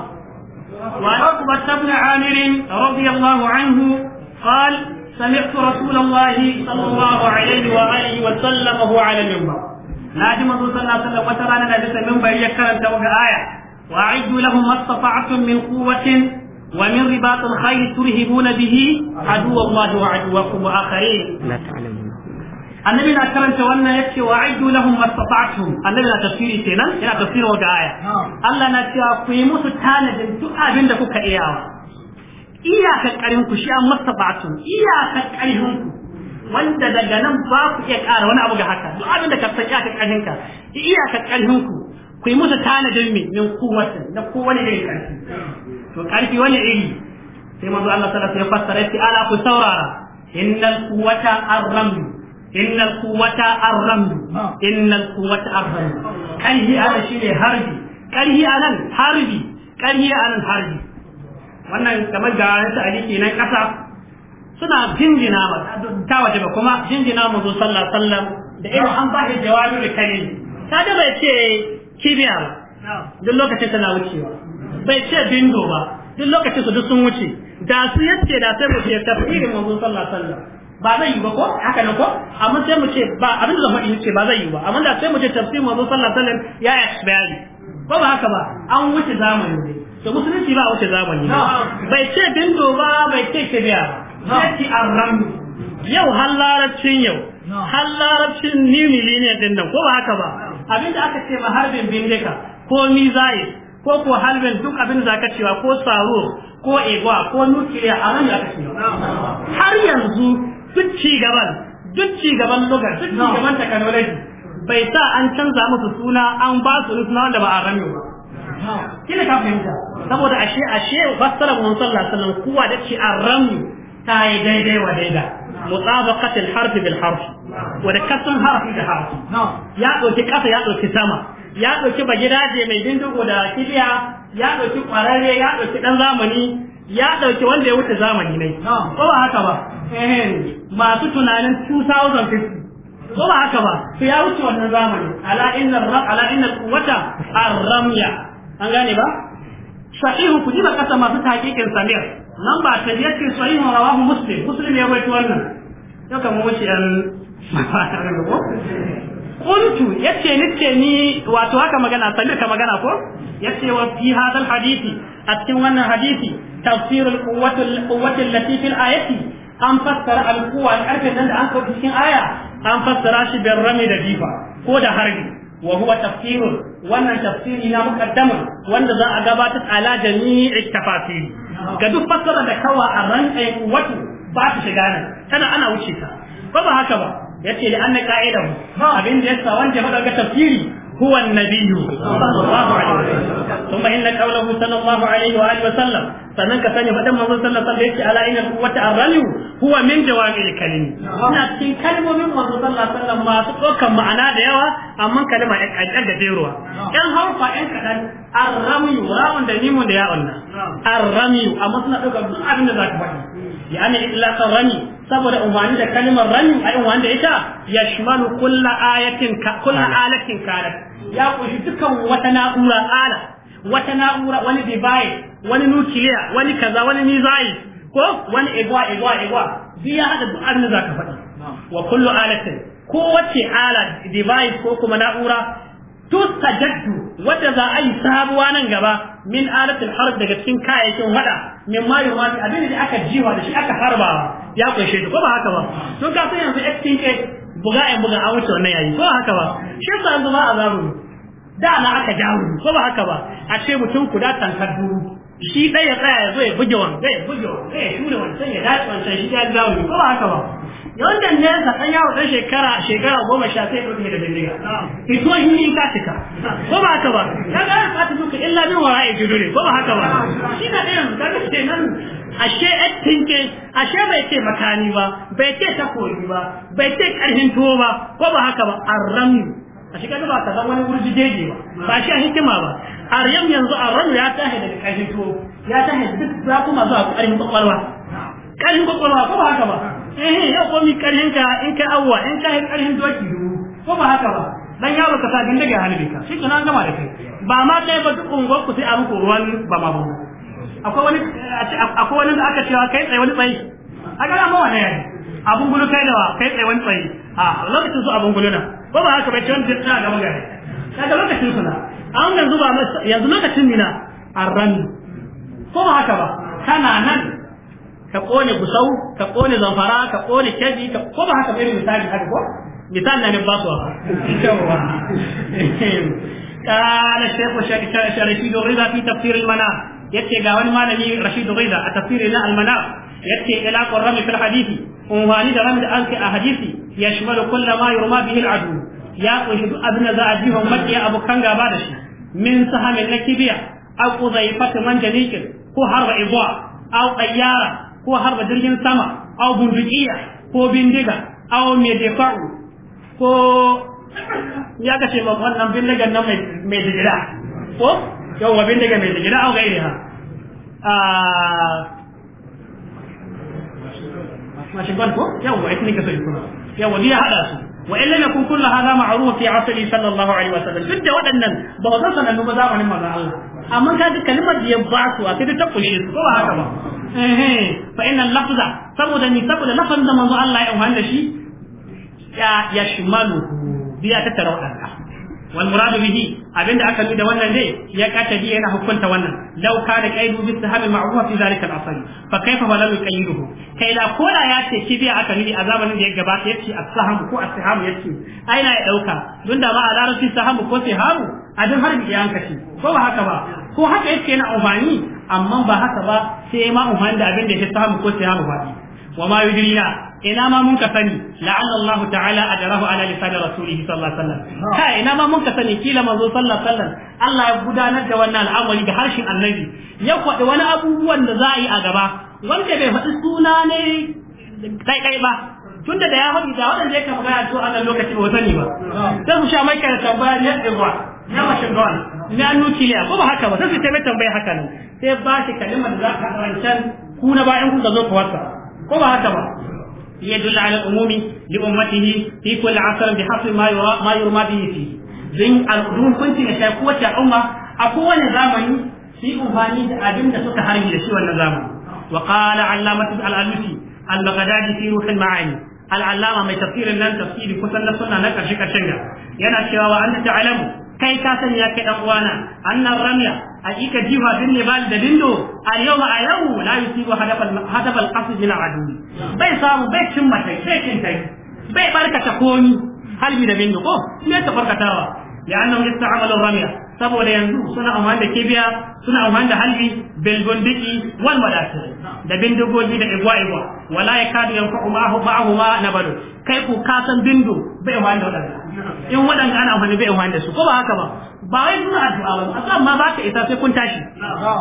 وعن عقبة بن عامر رضي الله عنه قال سمعت رسول الله صلى الله عليه وآله وسلم وهو على المنبر ناجم رسول الله صلى الله عليه وسلم وترانا نجلس المنبر يكرم توقع آية وأعدوا لهم ما استطعتم من قوة ومن رباط الخير ترهبون به عدو الله وعدوكم وآخرين لا تعلمون annabi na karanta wannan yake wa aidu lahum mastata'tum annabi na tafsiri kenan yana tafsirin wata aya Allah na cewa ku yi musu tanadin duk abin da kuka iyawa iyakar ƙarfin ku shi an masa batun iyakar ƙarfin ku wanda daga nan ba ku iya ƙara wani abu ga haka duk abin da ka san iyakar ƙarfin ka iyakar ƙarfin ku ku yi musu tanadin min min kuwatin na kowane irin ƙarfi to ƙarfi wani iri sai manzo Allah sallallahu alaihi wasallam ya fassara ya ce ala ku saurara innal quwwata ar-ramlu إن القوة الرمل إن القوة الرمل كان هي أنا شيء harbi, كان هي أنا harbi, كان هي أنا harbi. wannan kamar ga ta aliki nan kasa suna jinjina ba ta waje ba kuma jinjina mu zo sallah sallah da irin an ba shi jawabi da kalimi ta da bai ce kibiya ba duk lokacin tana wucewa bai ce bindo ba duk lokacin su duk sun wuce da su yace da sai mu ce tafsirin mu zo sallah sallah ba zai yi ba ko haka ne ko amma sai mu ce ba abin da mu ce ba zai yi ba amma da sai mu ce tafsirin mu zo sallah sallah ya expire ko ba haka ba an wuce zamanin ne da musulunci ba a wace zamani bai ce bindo ba bai ce kibiya ba sai ki arram yau har larabcin yau har larabcin ni ne din nan ko ba haka ba abinda aka ce ma harbin bindika ko mizayi ko ko halbin duk abin da aka cewa ko saro ko egwa ko nukiliya a nan da aka cewa har yanzu duk ci gaban duk ci gaban lugar duk ci gaban bai sa an canza musu suna an ba su suna wanda ba a rame ba kila ka fahimta saboda ashe ashe fassara mun sallah sallan kuwa da ce arram ta yi daidai wa daida mutabaqat al-harf bil harf wa da kasan harfi da harfi ya dauki kasa ya dauki sama ya dauki bagidaje mai bindigo da kibiya ya dauki kwararre ya dauki dan zamani ya dauki wanda ya wuce zamani ne ko ba haka ba eh, masu tunanin 2050 ko ba haka ba to ya wuce wannan zamani ala inna ala inna quwwata ar-ramya an gane ba sahihu ku kasa masu hakikin samir nan ba ta yace sahihu muslim muslim ya wannan kan mu shi an kuntu yace ni wato haka magana ka magana ko yace wa fi hadal hadisi a cikin wannan hadisi tafsirul quwwatul quwwatul lati fil ayati an fassara al quwwa al nan da an kawo cikin aya an fassara shi bil rami da difa ko da harbi wa huwa tafsirun wannan tafsiri na muqaddamun wanda za a gabatar ala jami'i tafasiri ga duk fassara da kawa a ran ɗaya wato ba ta shiga nan tana ana wuce ka. ba ba haka ba yace da anna qa'idahu abin da yasa wanda ya ga tafsiri هو النبي صلى الله عليه وسلم ثم sannan ka sani faɗin manzon sallallahu alaihi wasallam yace ala inna quwwata ar-rajul huwa min jawami'il kalimi ina cikin kalmomin manzon sallallahu alaihi wasallam masu ɗaukan ma'ana da yawa amma kalma ɗan ƙanƙan da jeruwa ɗan harfa ɗan kaɗan ar-ramiyu ra'un da nimun da ya'un nan ar-ramiyu amma suna ɗaukar duk abin da za ka faɗi yani itlaqar rami saboda umarni da kalmar rami ai umarni da ita ya yashmalu kulla ayatin kullu alatin kanat ya kushi dukan wata na'ura ala wata na'ura wani device wani nukiliya wani kaza wani mizai ko wani igwa igwa igwa duk ya hada duk abin zaka faɗi wa kullu alatin ko wace ala device ko kuma na'ura tustajaddu wata za a yi sabuwa nan gaba min alatin harf daga cikin kayayyakin wada min ma yuma abin da aka jiwa da shi aka harba ya kunshe ko ba haka ba to ka san yanzu XTK buga ai buga a wuce wannan yayi ko haka ba shi yasa ba a zaru da na aka jawo ko ba haka ba a ce mutum da tankar duru shi ɗaya ya tsaya ya zo ya buge wanda ya buge wanda ya tura wancan ya dace wancan shi ya jawo ko ba haka ba yawancin ne sa ɗan yawo ɗan shekara shekara goma sha sai ɗauke da bindiga ito shi ne ka cika ko ba haka ba ka ga an fata duka illa min wara ya jido ne ko ba haka ba shi na ɗayan ka ga ce nan ashe ɗinke ashe bai ce makani ba bai ce takobi ba bai ce ƙarfin tuwo ba ko ba haka ba arrami a shiga kaga ba ka san wani wurji jeje ba ba shi a hikima ba A aryam yanzu a arram ya tahe daga ƙarfin tuwo ya tahe duk za ku kuma zuwa ƙarfin kwakwalwa ƙarfin kwakwalwa ko ba haka ba eh ko komi ƙarfin ka in ka awwa in ka yi ƙarfin doki dubu ko ba haka ba dan yaro ka sa gindiga halbe ka shi kana gama da kai ba ma kai ba duk unguwar ku sai a muku ruwan ba ma ba akwai wani akwai wani da aka cewa kai tsaye wani tsaye a gara ma wani abun gulu kai da kai tsaye wani tsaye a lokacin su abun gulu na ko ba haka bai canjin da gaba gare kaga lokacin suna an yanzu ba yanzu lokacin mina arrani ko ba haka ba kana nan ka kone gusau ka kone zamfara ka kone keji ko ba haka irin misali haka ko misali na ne ba su ba قال الشيخ رشيد الرضا في تفسير المنار يكي قاون ما نبي رشيد الرضا التفسير لا المنار yace ilaqur rami fil hadisi umwani da rami da an a hadisi ya da kulla ma yurma bihi al adu ya kunshi duk abin da za a jiwa makiya abokan gaba da shi min sahamin na kibiya aw quzaifat man janikin ko harba ibwa aw tayyara ko harba jirgin sama aw bundukiya ko bindiga aw mai defa'u ko ya kashe ma wannan bindigan nan mai digira ko yau yawwa bindiga mai digira aw gairi ha واشغال كو يوا اثنين كسر كنا يوا دي هذا سو وإن لم يكن كل هذا معروف في عصره صلى الله عليه وسلم جد ودنن بوضع سنن بوضع من ماذا الله أما كاد كلمة يبعث وكده تقشي سوى هكذا فإن اللفظ سبب أن يسبب لفظ من الله يوم هذا الشيء يشمله بيا تتروى الله wal muradu bihi abinda aka nuna wannan ne ya katadi yana hukunta wannan law kana qaidu bi sahabi ma'ruf fi zalika al-asr fa kayfa wala yuqayyiduhu kai da kola ya ce kibiya aka nuni a zamanin da ya gabata yace as-saham ko as-saham yace aina ya ɗauka, don da ba a larabci saham ko sahamu a duk har biyan kashi ko ba haka ba ko haka yake yana ubani amma ba haka ba sai ma umman da abin da ya samu ko sahamu ba wa ma yudrina ina ma mun ka sani la'alla Allah ta'ala ajrahu ala lisan rasulih sallallahu alaihi wasallam ha ina ma mun ka sani kila manzo sallallahu alaihi wasallam Allah ya gudanar da wannan al'amari ga harshen annabi ya kwaɗi wani abubuwan da za a yi a gaba wanda bai faɗi suna ne kai kai ba tunda da ya faɗi da waɗanda ya kama gaya to a nan lokacin ba sani ba sai su sha mai kai tambaya ne ɗigwa na mashin gawan na nukiliya ko ba haka ba sai su taimai tambaya haka ne sai ba shi kalimar da za ka wancan ku na bayan ku ka zo ku wata ko ba haka ba ليدل على العموم لأمته في كل عصر بحسب ما يرى ما يرمى به فيه don al'adun kunci na shafi wacce a kowane zamani su yi amfani da abin da suka harbi da shi wannan zamani wa qala allamatu al-alusi al-baghdadi fi ruhul ma'ani al-allama mai tafsirin nan tafsiri kusan na sunna na karshe karshen ga yana cewa wa anta ta'lamu kai ta san ya kai dan uwana annar ramya hakika jiwa bin Nepal da bindo a yau ma a yau la yusibu hadafal qasd min adu bai samu bai cin mata sai kin tai bai barkata hal bi da bindo ko me ta wa? barkatawa لأنهم استعملوا الرمية saboda yanzu suna amfani da kibiya suna amfani da halbi belbundiki wal wadatir da bindigogi da igwa igwa wala ya kadu yanfa'u ba ma'ahu ma nabalu kai ku ka san bindu bai amfani da wadanda in wadanda ana amfani bai amfani su ko ba haka ba ba wai suna addu'a ba addu'a amma ba ka isa sai kun tashi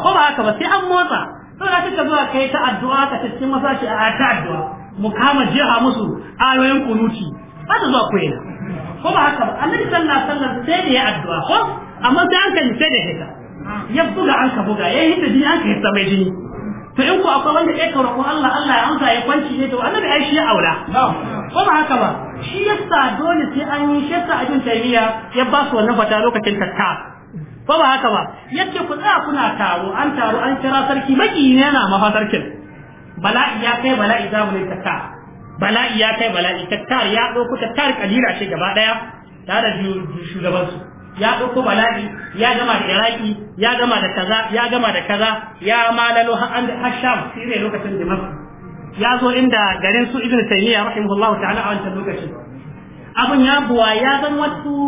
ko ba haka ba sai an motsa saboda kika zuwa kai ta addu'a ka cikin masashi a ta addu'a mu kama jiha musu ayoyin kunuti ba ta zuwa koyi ko ba haka ba annabi sallallahu alaihi wasallam sai da ya addu'a ko amma sai an kan sai da hita ya buga an ka buga ya da jini an ka hita mai jini to in ku akwai wanda ya kaura ko Allah Allah ya amsa ya kwanci ne to annabi ai shi ya aura ko ba haka ba shi yasa dole sai an yi shi yasa ajin taymiya ya ba su wannan fata lokacin tatta ko ba haka ba yace ku tsaya kuna taro an taro an kira sarki maki ne yana mafa sarkin bala'i ya kai bala'i za mu ne tatta bala'i ya kai bala'i tatta ya dauko tatta kalila ce gaba ɗaya, tare da shugabansu ya ɗauko bala'i ya gama da iraki ya gama da kaza ya gama da kaza ya malalo har sham shi ne lokacin damascus ya zo inda garin su ibnu taymiya rahimahullahu ta'ala a wancan lokaci abun ya buwa ya zan wasu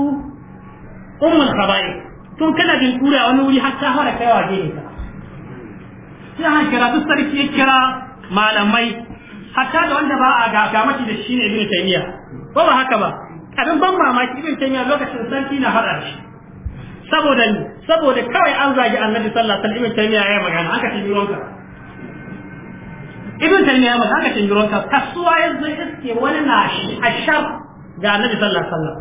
ummul khaba'i tun kana bin a wani wuri har ta fara kaiwa gene ka sai an kira duk sarki ya kira malamai hatta da wanda ba a gamaci da shi ne ibn taymiya Ko ba haka ba abin ban mamaki ibn taymiya lokacin sarki na hada shi saboda ni saboda kawai an zagi annabi sallallahu alaihi wasallam ibn taymiya ya magana aka ci juronka ibn taymiya ba aka ci juronka kasuwa yanzu iske wani na shi a ashar ga annabi sallallahu alaihi wasallam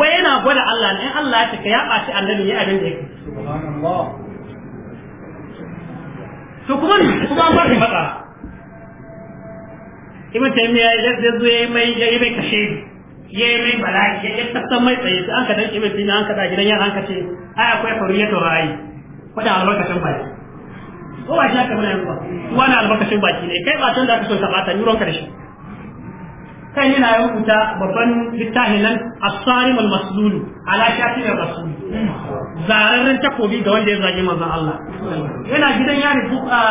wai yana gwada Allah ne Allah ya taka ya baci annabi ne abin da yake subhanallah to kuma kuma ba ki fada ibn taymiya ya zo yayi ya yi mai kashe ya yi mai bala'i ya yi sassan mai tsaye sai an ka danke mai tsina an ka gidan yan an ka ce ai akwai fariyatu ra'ayi faɗin albarkacin baki ko ba shi aka mana yanzu ba wani albarkacin baki ne kai ba tun da aka so ka bata yuron ka da shi kan yana rubuta babban littafin nan as-sarim al-maslul ala shafi rasul zararren takobi ga wanda ya zage manzon Allah yana gidan yari a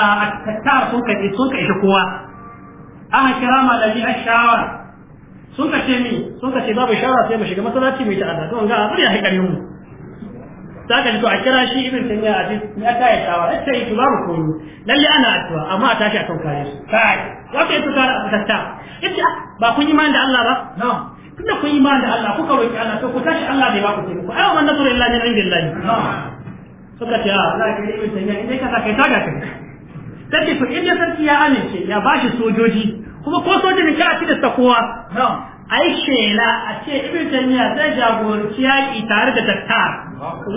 tattara sun kai sun kai kowa aka kira malami ash-shawara sun ka ce mi sun ka ce babu shara sai mu shiga masallaci mu yi ta'adda to ga abin ya haƙarin mu za ka ji to a kira shi irin tanya a aji ya aka yi tawa ya ce to babu komi lalle ana addu'a amma a tashi a kan kare su kai wato ka yi su ta ita ba kun yi imani da Allah ba na tunda kun yi imani da Allah kuka roki Allah to ku tashi Allah bai ba ku taimako ai wannan nasru illa min ne suka ce a ah, za ka yi tanya inda ka indai ka ta kai ka kai sai to inda sarki ya amince ya bashi sojoji kuma ko soja ne ka a kowa ai shela a ce ibn taymiya zai jagoranci yaƙi tare da tattar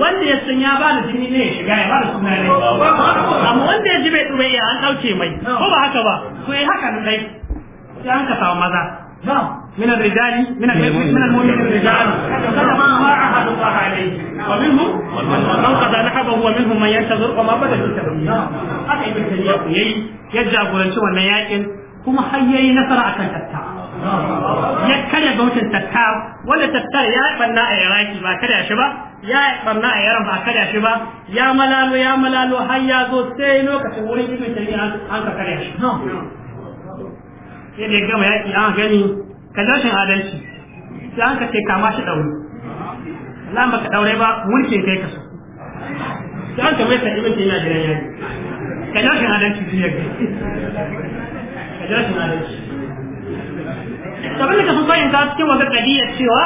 wanda ya san ya ba da jini ne ya shiga ya ba da suna ne amma wanda ya ji bai ya an ɗauke mai ko ba haka ba Ko yi haka dai sai an ka samu maza من الرجال من من المؤمن الرجال كما ما عهد الله عليه ومنهم من قضى نحبه ma من ينتظر وما بدا في التبنيه. هكا ابن تيميه يجي يجي jagoranci شو yaƙin. kuma hayyayi nasara akan tattara, ya karya gwamnatin tattara, wanda tattara ya yi barna a iraki ba kada shi ba ya yi barna a yaran ba kada shi ba ya malalo ya malalo har ya zo sai lokacin wurin ibn taymiya an ka karya shi sai da ya gama yaƙi an gani kallashin adalci sai an ka ce kama shi daure Allah baka ɗaure ba mulkin kai ka so sai an ka mai sa ibn taymiya gidan yaki kallashin adalci duniya da rashin adalci da sun bayan ta cikin wata kadiyar cewa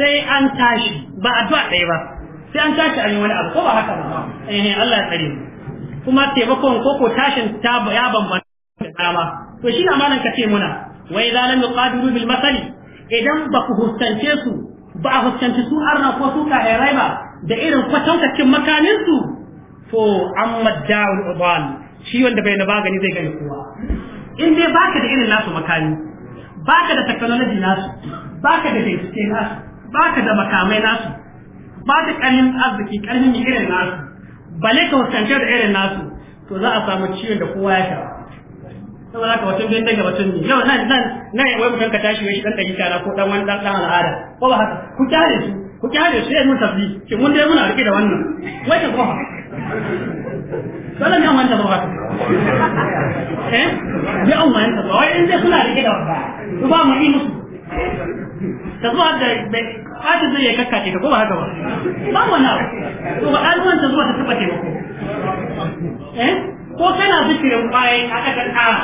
sai an tashi ba addu'a ɗaya ba sai an tashi a yi wani abu ko ba haka ba eh Allah ya tsare kuma taimakon koko tashin ta ya bambanta da dama to shi na malan kace muna wai za lam yuqadiru bil masali idan ba ku hustance su ba a hustance su arna ko su ka hairai ba da irin kwatankacin makamin su to amma da'ul ubal shi wanda bai na bagani zai gani kowa in dai baka da irin nasu makami baka da technology nasu baka da bincike nasu baka da makamai nasu ba da arziki ƙarfin irin nasu bale ka wasance da irin nasu to za a samu ciwon da kowa ya shafa saboda ka mutum bin daga mutum ne yau nan nan nan wai mutum ka tashi shi dan dagi tara ko dan wani dan dan al'ada ko ba haka ku kyale su ku kyale su sai mun tafi ki mun dai muna riƙe da wannan wai ka kuma dole ne an wanta ba eh ne an wanta ba wai in dai suna rike da wanda su ba mu ta zuwa da ɓata zai ya kakkace ka ko haka ba ba wani abu to ba ɗaliban ta eh ko kana zikirin kwaye a ƙasar ƙara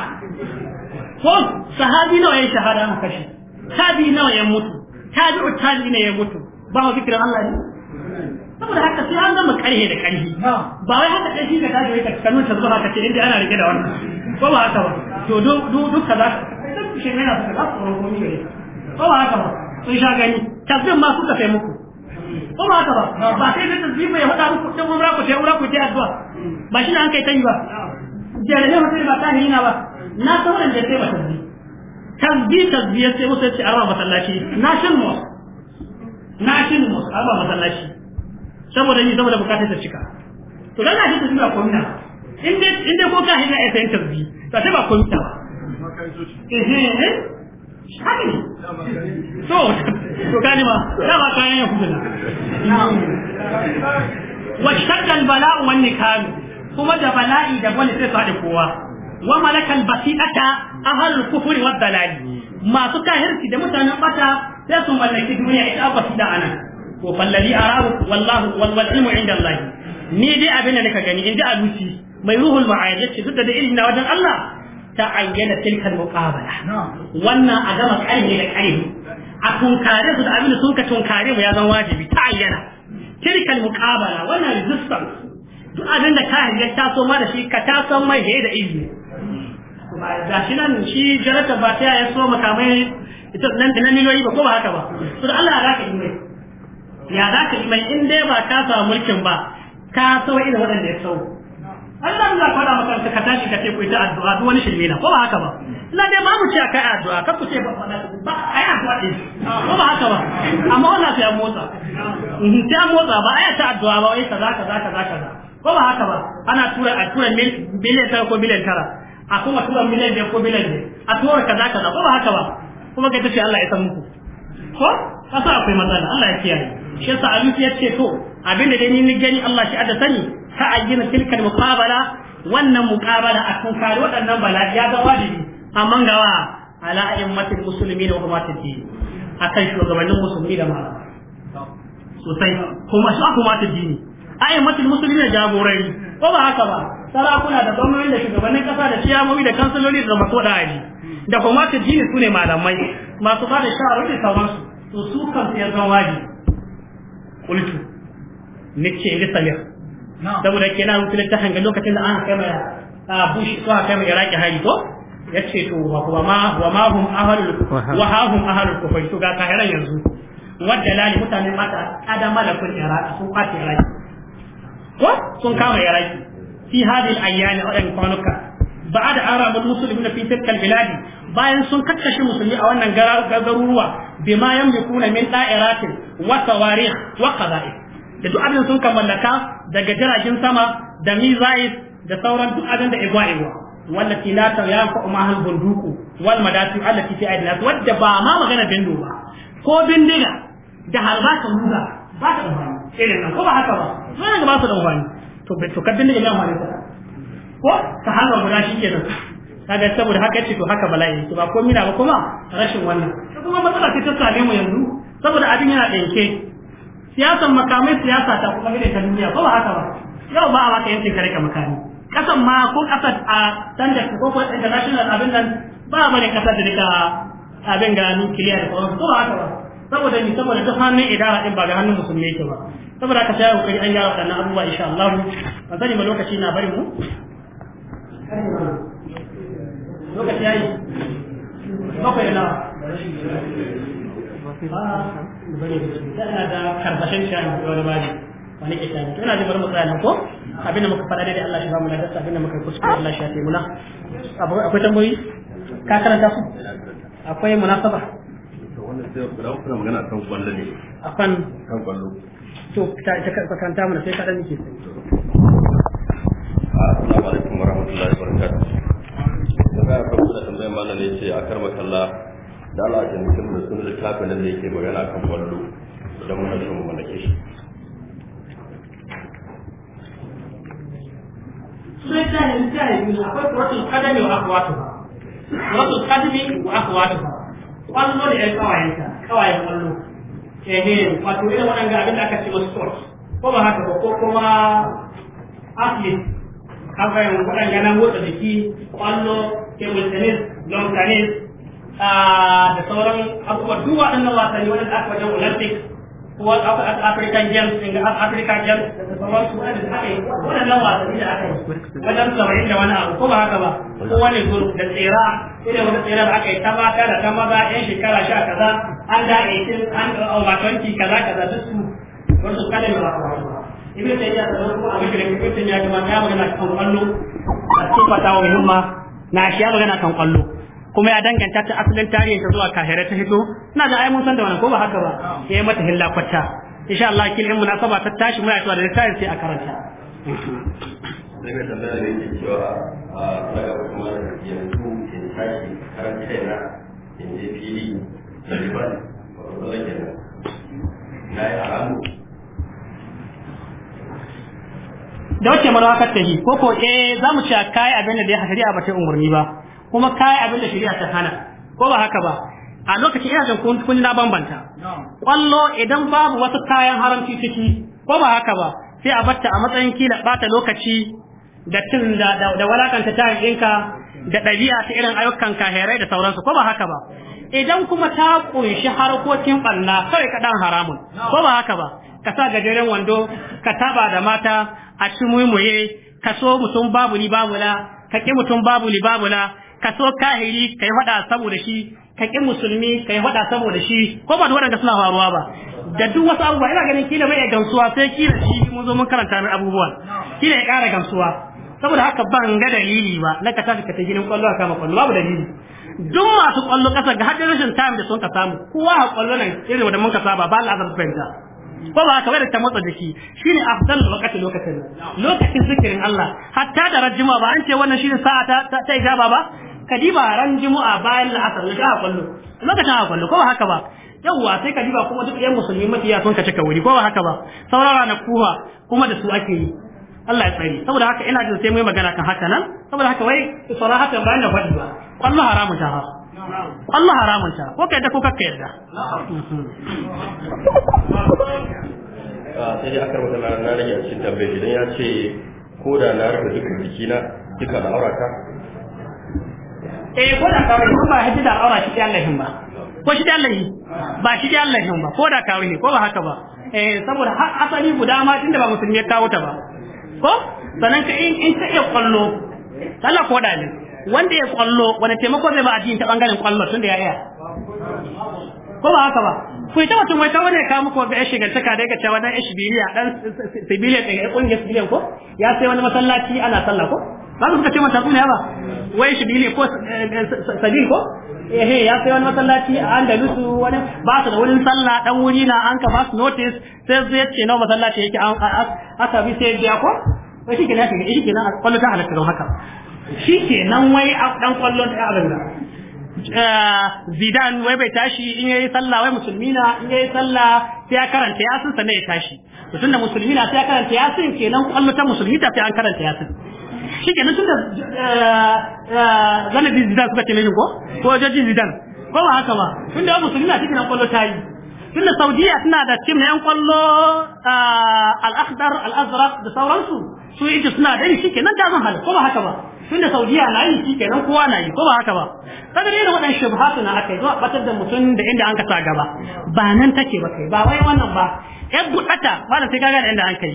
ko sahabi nawa ya shahada mu kashi tabi nawa ya mutu tabi'u tabi ne ya mutu ba mu Allah ne saboda haka sai an zama karhe da karhi ba wai haka kai shi ka tashi ka kanu ta zuwa ka ce inda ana rike da wannan ko ba haka ba to duk kaza sai shi mai na za su roƙo ni ko ba haka ba sun sha gani tabbin ma suka sai muku ko ba haka ba ba sai da tasbih mai hada muku dan mura ku sai umra ku ta addu'a ba shi ne an kai tayi ba jarabe mutum ba ta hina ba na sauran da sai ba tasbih tasbih tasbih sai musu ce arba masallaci na shin mu na shin mu arba masallaci saboda ni saboda bukatar ta cika to dan tafi ba komina in dai in dai ko ka hina ya san tarbi to sai ba komita ba eh eh haka so to kani ma da ba kayan ya kuma wa shaddal bala'u wan nikalu kuma da bala'i da wani sai su haɗe kowa wa malakal basi'ata ahal kufri wad dalali masu kahirci da mutanen bata sai su mallaki duniya ita su da anan to fallali arahu wallahu wal ilmu inda Allah ni dai abin da nika gani in ji abuci mai ruhul ma'ayyad ce duk da ilmi na wajen Allah ta ayyana tilkal muqabala wannan a gama karni da karni a tunkare su da abin da sun ka tunkare mu ya zama wajibi ta ayyana tilkal muqabala wannan resistance duk abin da ka hajjar so ma da shi ka ta san mai da ilmi ga shi nan shi jarata ba ta yaya so makamai ita nan da nan miliyoyi ba ko ba haka ba Su da Allah ya raka ilmi ya za ka mai in dai ba ka samu mulkin ba ka sau irin waɗanda ya sau Allah ya faɗa maka ka tashi ka ce ku ita addu'a duk wani shirme na ko ba haka ba na dai ba mu ce kai addu'a ka ku ce ba ba ai addu'a din ko ba haka ba amma wannan ta an motsa mhm, sai an motsa ba ai ta addu'a ba wai kaza kaza kaza kaza ko ba haka ba ana tura a tura miliyan tara ko miliyan tara a kuma tura miliyan biyar ko miliyan biyar a tura kaza kaza ko ba haka ba kuma kai ta ce Allah ya san muku ko kasa akwai matsala Allah ya kiyaye shi yasa alif ya ce to abinda dai ni gani Allah shi adda sani ka ayyana tilkal muqabala wannan muqabala a kan kare waɗannan bala'i ya ga wajibi amma wa ala ayyamatil muslimin wa ummatil din akan shugabannin musulmi da malama sosai kuma su aka mata dini ayyamatul musulmi da jagorai ko ba haka ba sarakuna da gwamnati da shugabannin kasa da ciyamomi da kansaloli da masu wadaji da kuma ta dini su ne malamai masu ba da shawarar da sauransu to su kan sai zan waje kultu nace ni samir saboda ke na mutum ta hanga lokacin da an kai mai a bushi ko kai mai iraki hari to yace to wa ma wa ma hum ahlul wa ha hum ahlul kufri to ga kahiran yanzu wadda lali mutane mata adama da kun iraki sun kwace iraki ko sun kama iraki fi hadhihi al-ayyan wa an kwanuka بعد أرى المسلمين في تلك bayan sun kakkashe musulmi a wannan garuruwa bima yamlikuna min da'iratin wa tawarikh wa qada'i da duk abin sun kammalaka daga jiragen sama da mizais da sauran duk abin da igwa igwa wallati la tayafa ma hal bunduku wal madati allati fi aidina wadda ba ma magana bindo ba ko bindiga da harba ka muga ba ta amfani irin nan ko ba haka ba wannan ba su da amfani to to kaddin da ina amfani ko ta halwa guda shi ke kenan kaga saboda haka yace to haka bala'i to ba komai na ba kuma rashin wannan to kuma matsala ce ta same mu yanzu saboda abin yana ɗauke siyasan makamai siyasa ta kuma gida ta duniya ko ba haka ba yau ba a baka yanke kare ka makami kasan ma ko kasar a standard ko ko international abin nan ba a bane kasar da duka abin ga nukiliya da sauransu ko ba haka ba saboda ni saboda duk hannun idara din ba ga hannun musulmi yake ba saboda ka tsaya kokari an gyara waɗannan abubuwa insha Allah ba zan yi lokaci na bari mu lokaci yayi bakwai na Tana da ah, karbashin shayi wani bari wani ke shayi. Tana da bari mu tsaya nan ko? Abinda muka faɗa daidai Allah shi ba mu da dasa abinda muka kuskure Allah shi ya taimuna. Akwai tambayoyi? Ka karanta su? Akwai munasaba? akan kan kwallo to ta ta karanta mana sai kadan nake assalamu alaikum warahmatullahi wabarakatuh ya farko da tambayar malam ne ce a karba kalla da Allah ya mutum da sun littafin nan da yake magana kan kwallo da mun shi mu mallake shi sai ta ne ta yi akwai suratul qadami wa akhwatuha suratul qadami wa akhwatuha wallo da ya kawayenta kawayen wallo ehe wato irin wannan ga abin da aka ce wa sports ko ba haka ba ko kuma athlete an fahimta waɗanda na motsa jiki kwallo table tennis long tennis da sauran abubuwa duk waɗannan wasanni waɗanda aka wajen olympic ko african games ɗin african games da sauran su waɗanda aka yi waɗannan wasanni da aka yi wajen saba'in da wani abu ko ba haka ba ko wani guru da tsira irin wani tsira da aka yi ta mata da ta maza yan shekara sha kaza an da 18 an over 20 kaza kaza duk su wasu kalin ba ya na shi ya magana kan kwallo kuma ya danganta ta asalin tarihin ta zuwa kahira ta hito ina da ayyukan san da wannan ko ba haka ba ya yi mata hilla kwata insha Allah kin in munasaba ta tashi muna cewa da tarihi sai a karanta cewa a daga kuma yanzu in tashi karanta in da na yi da wace mana ta yi ko ko eh za mu ci kai abin da shari'a ba ta umurni ba kuma kai abin da shari'a ta hana ko ba haka ba a lokacin ina jin kun kun na bambanta kwallo idan babu wasu kayan haramci ciki ko ba haka ba sai a batta a matsayin kila bata lokaci da cin da da walakanta ta ɗinka da ɗabi'a ta irin ayyukan kahirai da sauransu ko ba haka ba idan kuma ta kunshi harkokin ɓanna kawai kaɗan haramun ko ba haka ba ka sa gajeren wando ka taba da mata a ci muye ka so mutum babu ni babu la ka ki mutum babu ni babu la ka so kahiri ka yi faɗa saboda shi ka ki musulmi ka yi faɗa saboda shi ko ba da suna faruwa ba da duk wasu abubuwa ina ganin kila bai gamsuwa sai kila shi mun zo mun karanta mai abubuwa kila ya ƙara gamsuwa saboda haka ban ga dalili ba na ka tafi ka ta ginin kwallo a kama ƙwallo babu dalili duk masu kwallo ƙasa ga hadin rashin time da sun ka samu kowa a kwallo nan irin da mun ka saba ba al'azar fahimta ko ba haka bai da ta motsa jiki shine afdal waqti lokacin lokacin zikirin Allah hatta da rajjuma ba an ce wannan shine sa'a ta ta ijaba ba kadiba ran juma'a bayan la'asar ne kwallo lokacin ka kwallo ko ba haka ba yawwa sai kadiba kuma duk yan musulmi mafiya sun ka cika wuri ko ba haka ba saurara kuwa kuma da su ake yi Allah ya tsari saboda haka ina jin sai yi magana kan haka nan saboda haka wai sarahatan bayan da faɗi ba kwallo haramun ta Allah haramunta ko ka yadda ko kakka yadda ah, sai dai akar wata na rage a cikin tambaye idan ya ce ko da na rufe dukkan jikina duka da aurata eh ko da kawai ko ba hidda da aura shi da Allah ba ko shi da Allah ba shi da Allah ba ko da kawai ne ko ba haka ba eh saboda har asali guda ma tunda ba musulmi ya kawo ta ba ko sanan ka in in ta iya kwallo Allah ko da ne wanda ya kwallo wani taimako zai ba addini ta bangaren kwallo da ya iya ko ba haka ba ku yi mutum wai kawai ne ka muku wanda ya shiga taka da cewa dan biliya dan sibiliya da kungiyar sibiliya ko ya sai wani masallaci ana sallah ko ba su ce mata kuma ba wai biliya ko eh, eh, sabil ko eh ya sai wani masallaci a Andalusu wani ba su da wurin sallah dan wuri na an ka ba su notice sai zai ce nawa masallaci yake an aka bi sai ya ko shi kenan shi a kwallo ta halatta don haka shi ke nan wai dan kwallon ɗaya abin da eh, zidan wai bai tashi in yayi sallah wai musulmi na in yayi sallah sai ya karanta yasin sannan ya tashi tunda musulmi na sai ya karanta yasin kenan kwallo ta musulmi ta sai an karanta yasin shi ke nan kenan tunda eh, eh, zanabin zidan suka ce ko ko jajin zidan ko ba haka ba Tun tunda musulmi na cikin kwallo ta yi tun da saudiya suna da tim na yan kwallo al-akhdar al-azraq da sauransu su ita suna da shi ke nan ta zan hal ko ba haka ba tunda saudiya na yi shi kenan kowa na yi ko ba haka ba kada dai da wadannan shubhatu na akai zuwa batar da mutum da inda an ka sa gaba ba nan take ba kai ba wai wannan ba yar buɗata wanda sai kaga da inda an kai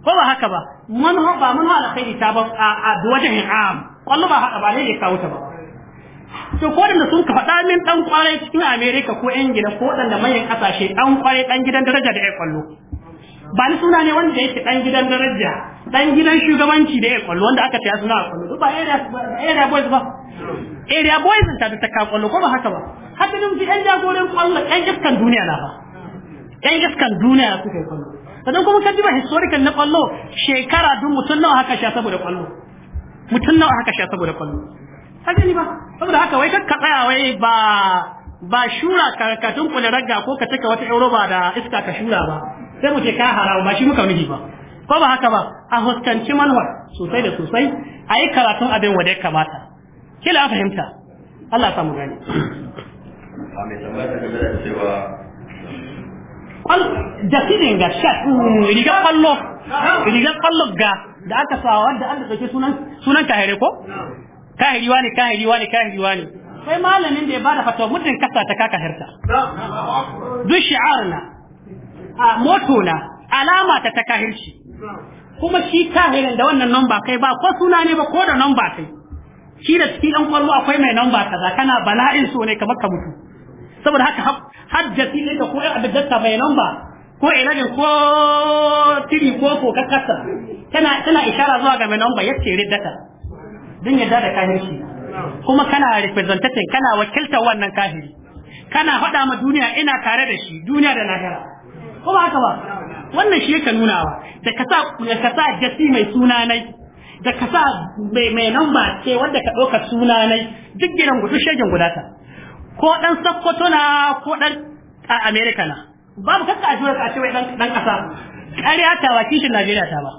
ko ba haka ba ho ba manho kai ta ba a duwajen am wallo ba haka ba ne da kawo ta ba to ko da sun ka faɗa min dan kwarai cikin America ko Ingila ko da manyan kasashe dan kwarai dan gidan daraja da ai kwallo ba ni suna ne wanda yake dan gidan daraja dan gidan shugabanci da ya kwallo wanda aka taya suna a kwallo ba area boys ba area boys ta da ta kwallo ko ba haka ba hatta dun yan jagoran kwallo ɗan iskan duniya na ba ɗan iskan duniya su ke kwallo sannan kuma kan jiba historical na kwallo shekara dun mutun nawa haka sha saboda kwallo mutun nawa haka sha saboda kwallo haka ni ba saboda haka wai kakka tsaya wai ba ba shura ka ka tunkule ragga ko ka cika wata euro ba da iska ka shura ba sai mu ce ka haramu ba shi muka nufi ba ko ba haka ba a huskanci manhaj sosai da sosai a yi karatun abin wanda ya kamata kila an fahimta Allah samu gani a mai tambaya ta gaba da cewa da filin ga shat mm, riga kwallo riga kwallo ga da aka sa wanda an da dauke sunan sunan ko kahiri wani kahiri wani kahiri wani sai malamin da ya bada fatawa mutum kasa ta kaka herta duk na. a moto na alama ta ta kahirci kuma shi kahirin da wannan namba kai ba ko suna ne ba ko da namba kai shi da cikin ɗan kwallo akwai mai namba kaza kana bala'in so ne kamar ka mutu saboda haka hajjati ne da ko ɗan abin mai namba ko ilajin ko tiri ko ko kakasa tana tana ishara zuwa ga mai namba yace riddata din yadda da kahirci kuma kana representative kana wakiltar wannan kahiri kana faɗa ma duniya ina tare da shi duniya da lahira ko ba haka ba wannan shi yake wa da ka sa da ka sa jasi mai suna nai da ka sa mai mai namba ce wanda ka ɗauka suna nai duk gidan gudu shegen gudata ko dan sakkwato na ko dan a america na babu kakka a shura a ce wai dan kasa ƙarya ta wa kishin najeriya ta ba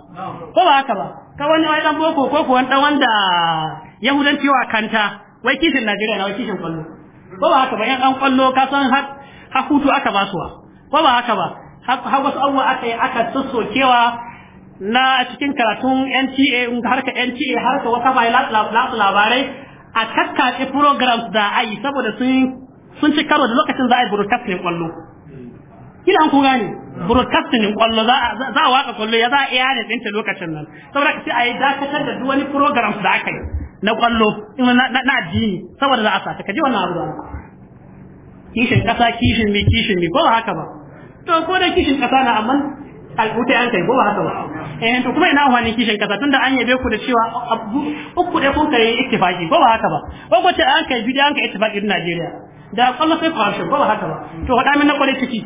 ko ba haka ba ka wani wai dan boko ko ko wanda wanda yahudanci wa kanta wai kishin najeriya na wai kishin kwallo ko ba haka ba yan an kwallo ka san har hutu aka basuwa ko ba haka ba har wasu abubuwa aka yi aka sassokewa na cikin karatun NTA in harka NTA harka wata bai lasu labarai a kakkace programs da a yi saboda sun ci karo da lokacin za a yi broadcasting kwallo kila an ku gane broadcasting kwallo za a waka kwallo ya za a iya ne ɗinta lokacin nan saboda sai a yi dakatar da duk wani programs da aka yi na kwallo na addini saboda za a sa ka kaji wannan abu da kishin kasa kishin mai kishin mai ko haka ba to ko da kishin kasa na amma alhuta an kai ko ba haka ba eh to kuma ina wani kishin kasa tunda an yabe ku da cewa uku da kun kai ittifaki ko ba haka ba ko ko ce an kai bidiyan ka ittifaki din Najeriya da kwallo sai corruption ko ba haka ba to hada min na kwale ciki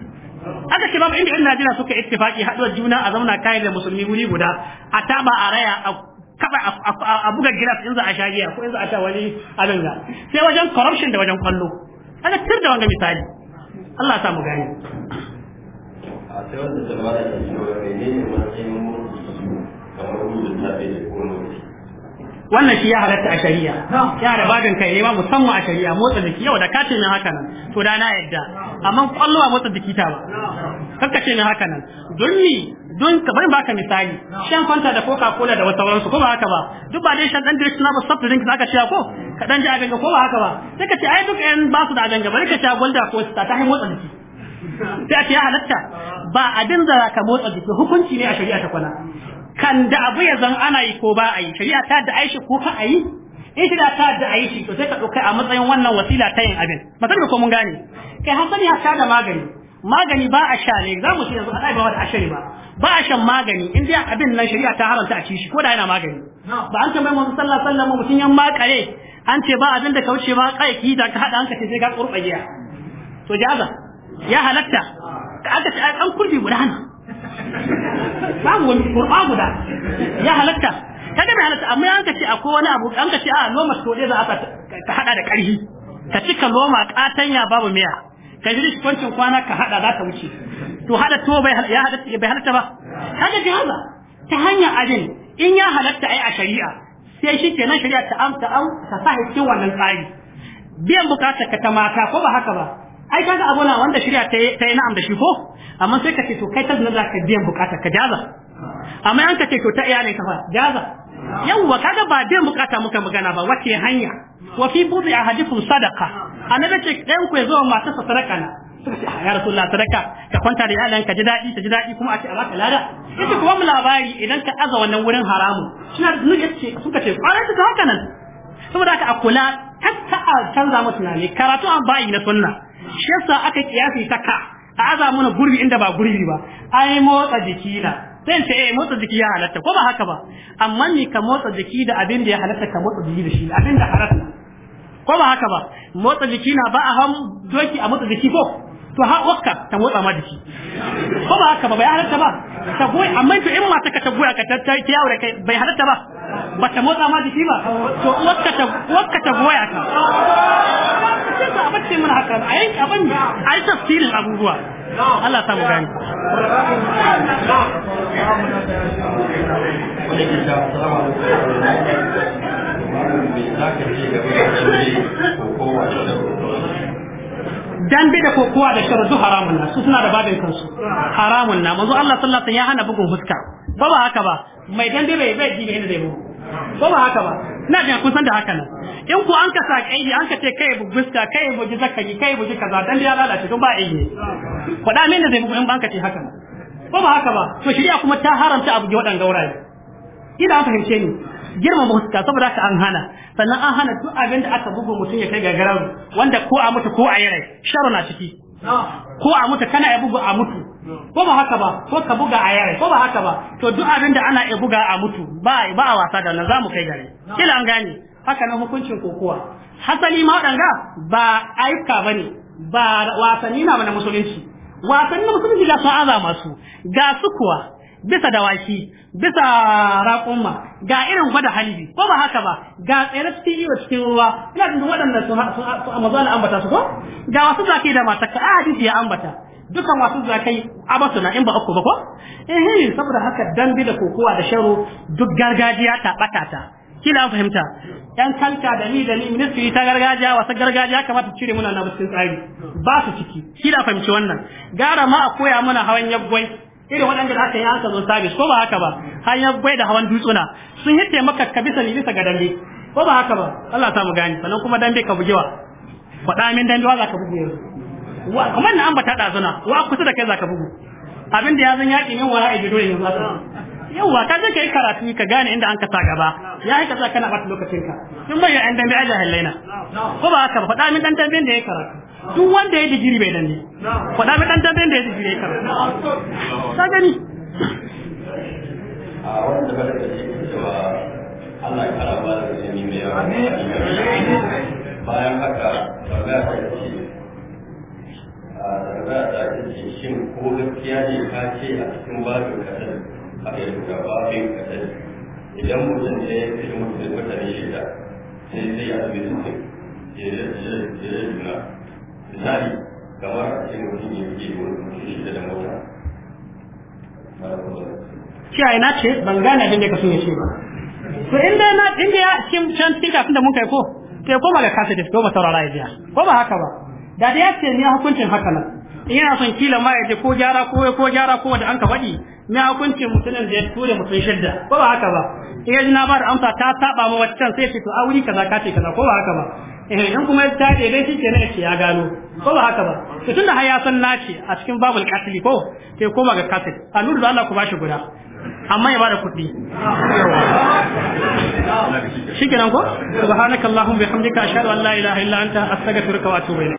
aka ce babu inda yan Najeriya suka ittifaki haɗuwar juna a zauna kayan da musulmi guri guda a taba a raya a kaba a buga gilas in za a sha giya ko in za a ta wani abin ga sai wajen corruption da wajen kwallo ana tir da wanga misali Allah ya samu gani akwai wanda jama'a da cewa menene matsayin mulki kamar gudun tafi da kuma wannan shi ya halatta a shari'a ya da bagan kai ma musamman a shari'a motsa jiki yau da katin min haka nan to da na yadda amma kwallo a motsa jiki ta ba kakka ce min haka nan don ni don ka bari baka misali shan fanta da coca cola da wasu ko ba haka ba duk ba dai shan dan drink na ba soft drink zaka ce ko ka dan ji a ganga ko ba haka ba sai ka ce ai duk yan ba su da ganga bari ka sha golda ko ta ta motsa jiki sai a ce halatta ba abin da ka motsa jiki hukunci ne a shari'a ta kwana kan da abu ya zan ana yi ko ba a yi shari'a ta da aishi ko ka a yi in shari'a ta da a to sai ka ɗauka a matsayin wannan wasila ta yin abin ba da ko mun gane kai hasali hata da magani magani ba a sha ne za mu ce yanzu a ɗaiba wata ashari ba ba a shan magani in dai abin nan shari'a ta haranta a ci shi ko da yana magani ba an tambayi mun sallah sallah mu mutun yan makare an ce ba abin da kauce ba kai ki da ka hada hanka ce sai ka kurbagiya to jaza ya halatta Ka aka ce an kurbi guda hana. babu wani kurba guda ya halatta kada bai halatta amma an ka ce akwai wani abu an ka ce a loma to dai za a ka hada da karhi ka cika loma katanya babu miya ka ji kwancin kwana ka hada za ka wuce to hada to bai ya hada bai halatta ba kaga jahaza ta hanyar adin in ya halatta ai a shari'a sai shi kenan shari'a ta amsa au ta sa cikin wannan tsari biyan bukatar ka ta mata ko ba haka ba ai kaga abu na wanda shirya ta yi na'am da shi ko amma sai ka ce to kai ta zina za ka biyan bukata ka jaza amma an ka ce to ta iya ne ka fa jaza yawwa kaga ba biyan bukata muka magana ba wace hanya wa fi buzi ahadikum sadaqa annabi ce ɗayan ku ya zo matarsa sadaka na suka ce ah, ya rasulullah sadaka ka kwanta da iyalan ka ji daɗi ta ji daɗi kuma a ce a baka lada yace kuma mu labari idan ka aza wannan wurin haramu suna da zunubi yace suka ce kwarai ta haka nan saboda haka a kula kar ta canza mu tunani karatu an bayi na sunna shesa aka kiyasi ta ka a aza mana gurbi inda ba gurbi ba ai motsa jiki na sai ce eh motsa jiki ya halatta ko ba haka ba amma ni ka motsa jiki da abin da ya halatta ka motsa jiki da shi abin da halatta ko ba haka ba motsa jiki na ba a ham doki a motsa jiki ko to ha wakka ta motsa ma jiki ko ba haka ba bai halatta ba ta goyi amma to in mata ka ta goya ka ta ki yawo da kai bai halatta ba ba ta motsa ma jiki ba to wakka ta wakka ta goya ka sai ba bace mun haka a yanki abin ai tafsirin abubuwa Allah ta mu gani Assalamu alaikum. dambe da kokowa da shara duk haramun na su suna da babin kansu haramun na manzo Allah sallallahu alaihi ya hana bugun fuska ba ba haka ba mai dambe bai bai ji ne zai bugu ba ba haka ba ina jin kun san da haka nan in ku an ka sa kai an ka ce kai bugun fuska kai buji zakaki kai buji kaza dan ya lalace don ba aiki faɗa min da zai bugu in ban ka ce haka ba ba haka ba to shari'a kuma ta haramta abu ga waɗanda idan an fahimce ni girmama huska saboda ka an hana sannan an hana duk abin da aka bugu mutum ya kai ga wanda ko a mutu ko a yi rai sharo na ciki ko a mutu kana ya bugu a mutu ko ba haka ba ko ka buga a yare ko ba haka ba to duk abin da ana ya buga a mutu ba ba a wasa da za zamu kai gare kila an gane haka nan hukuncin kokowa hasali ma wadanga ba aika bane ba wasanni na bane musulunci wasanni na musulunci ga sun azama su ga su kuwa bisa dawaki bisa raƙumma ga irin gwada halibi ko ba haka ba ga tsere cikin cikin ruwa ina da waɗanda su amazon ambata su ko ga wasu zakai da mata a hadisi ya ambata dukan wasu zakai basu na in ba uku ba ko eh saboda haka dambi da kokowa da sharo duk gargajiya ta bata ta kila an fahimta yan kalka da ni da ni ministry ta gargajiya wasu gargajiya kamata cire muna na cikin tsari ba su ciki kila fahimci wannan gara ma a koya mana hawan yaggwai irin waɗanda aka yi aka zo sabis ko ba haka ba hanyar gwai da hawan dutsuna sun hitte maka ka bisa bisa ga dambe ko ba haka ba Allah ta mu gani sannan kuma dambe ka bugewa faɗa min dambe wa za ka bugu Wa kuma na an bata ɗazuna wa kusa da kai za ka bugu abin da ya zan yaƙi min wara a gido yanzu yawwa ka je ka yi karatu ka gane inda an ka sa gaba ya ka na kana lokacin lokacinka sun bayyana dan dambe a jahilaina ko ba haka ba faɗa min dan dambe da ya karatu duk wanda ya digiri bai danne faɗa mai ɗan da ya digiri ya kara ta gani a wanda ba da cewa Allah ya kara ba da ilimi mai yawa bayan haka ta ce ta ce shin ko gaskiya ne ka ce a cikin kasar da kasar idan mutum ne ya fi mutum mutane shida sai sai ya ya misali kamar a cikin mutum ya ke wani mutum shi da mota cewa ina ce ban gane abin da ka sunye ce ba to inda na inda ya cikin can cikin kafin da mun kai ko sai koma ga kasa da koma saurara ya biya ko ba haka ba da da ya ce ni hukuncin haka nan in yana son kila ma ya ce ko gyara ko ko gyara ko da an ka faɗi mai hukuncin mutumin da ya tura mutum shidda ko ba haka ba eh na ba da amsa ta saba ma waccan sai ce to auri kaza ka ce kaza ko ba haka ba eh in kuma ta ce dai shi kenan ya gano ko ba haka ba to tunda har ya san naci a cikin babul qatl ko sai koma ga qatl annabi da Allah ku bashi guda amma ya bada kuɗi kenan ko subhanakallahumma bihamdika ashhadu an la ilaha illa anta astaghfiruka wa atubu ilayk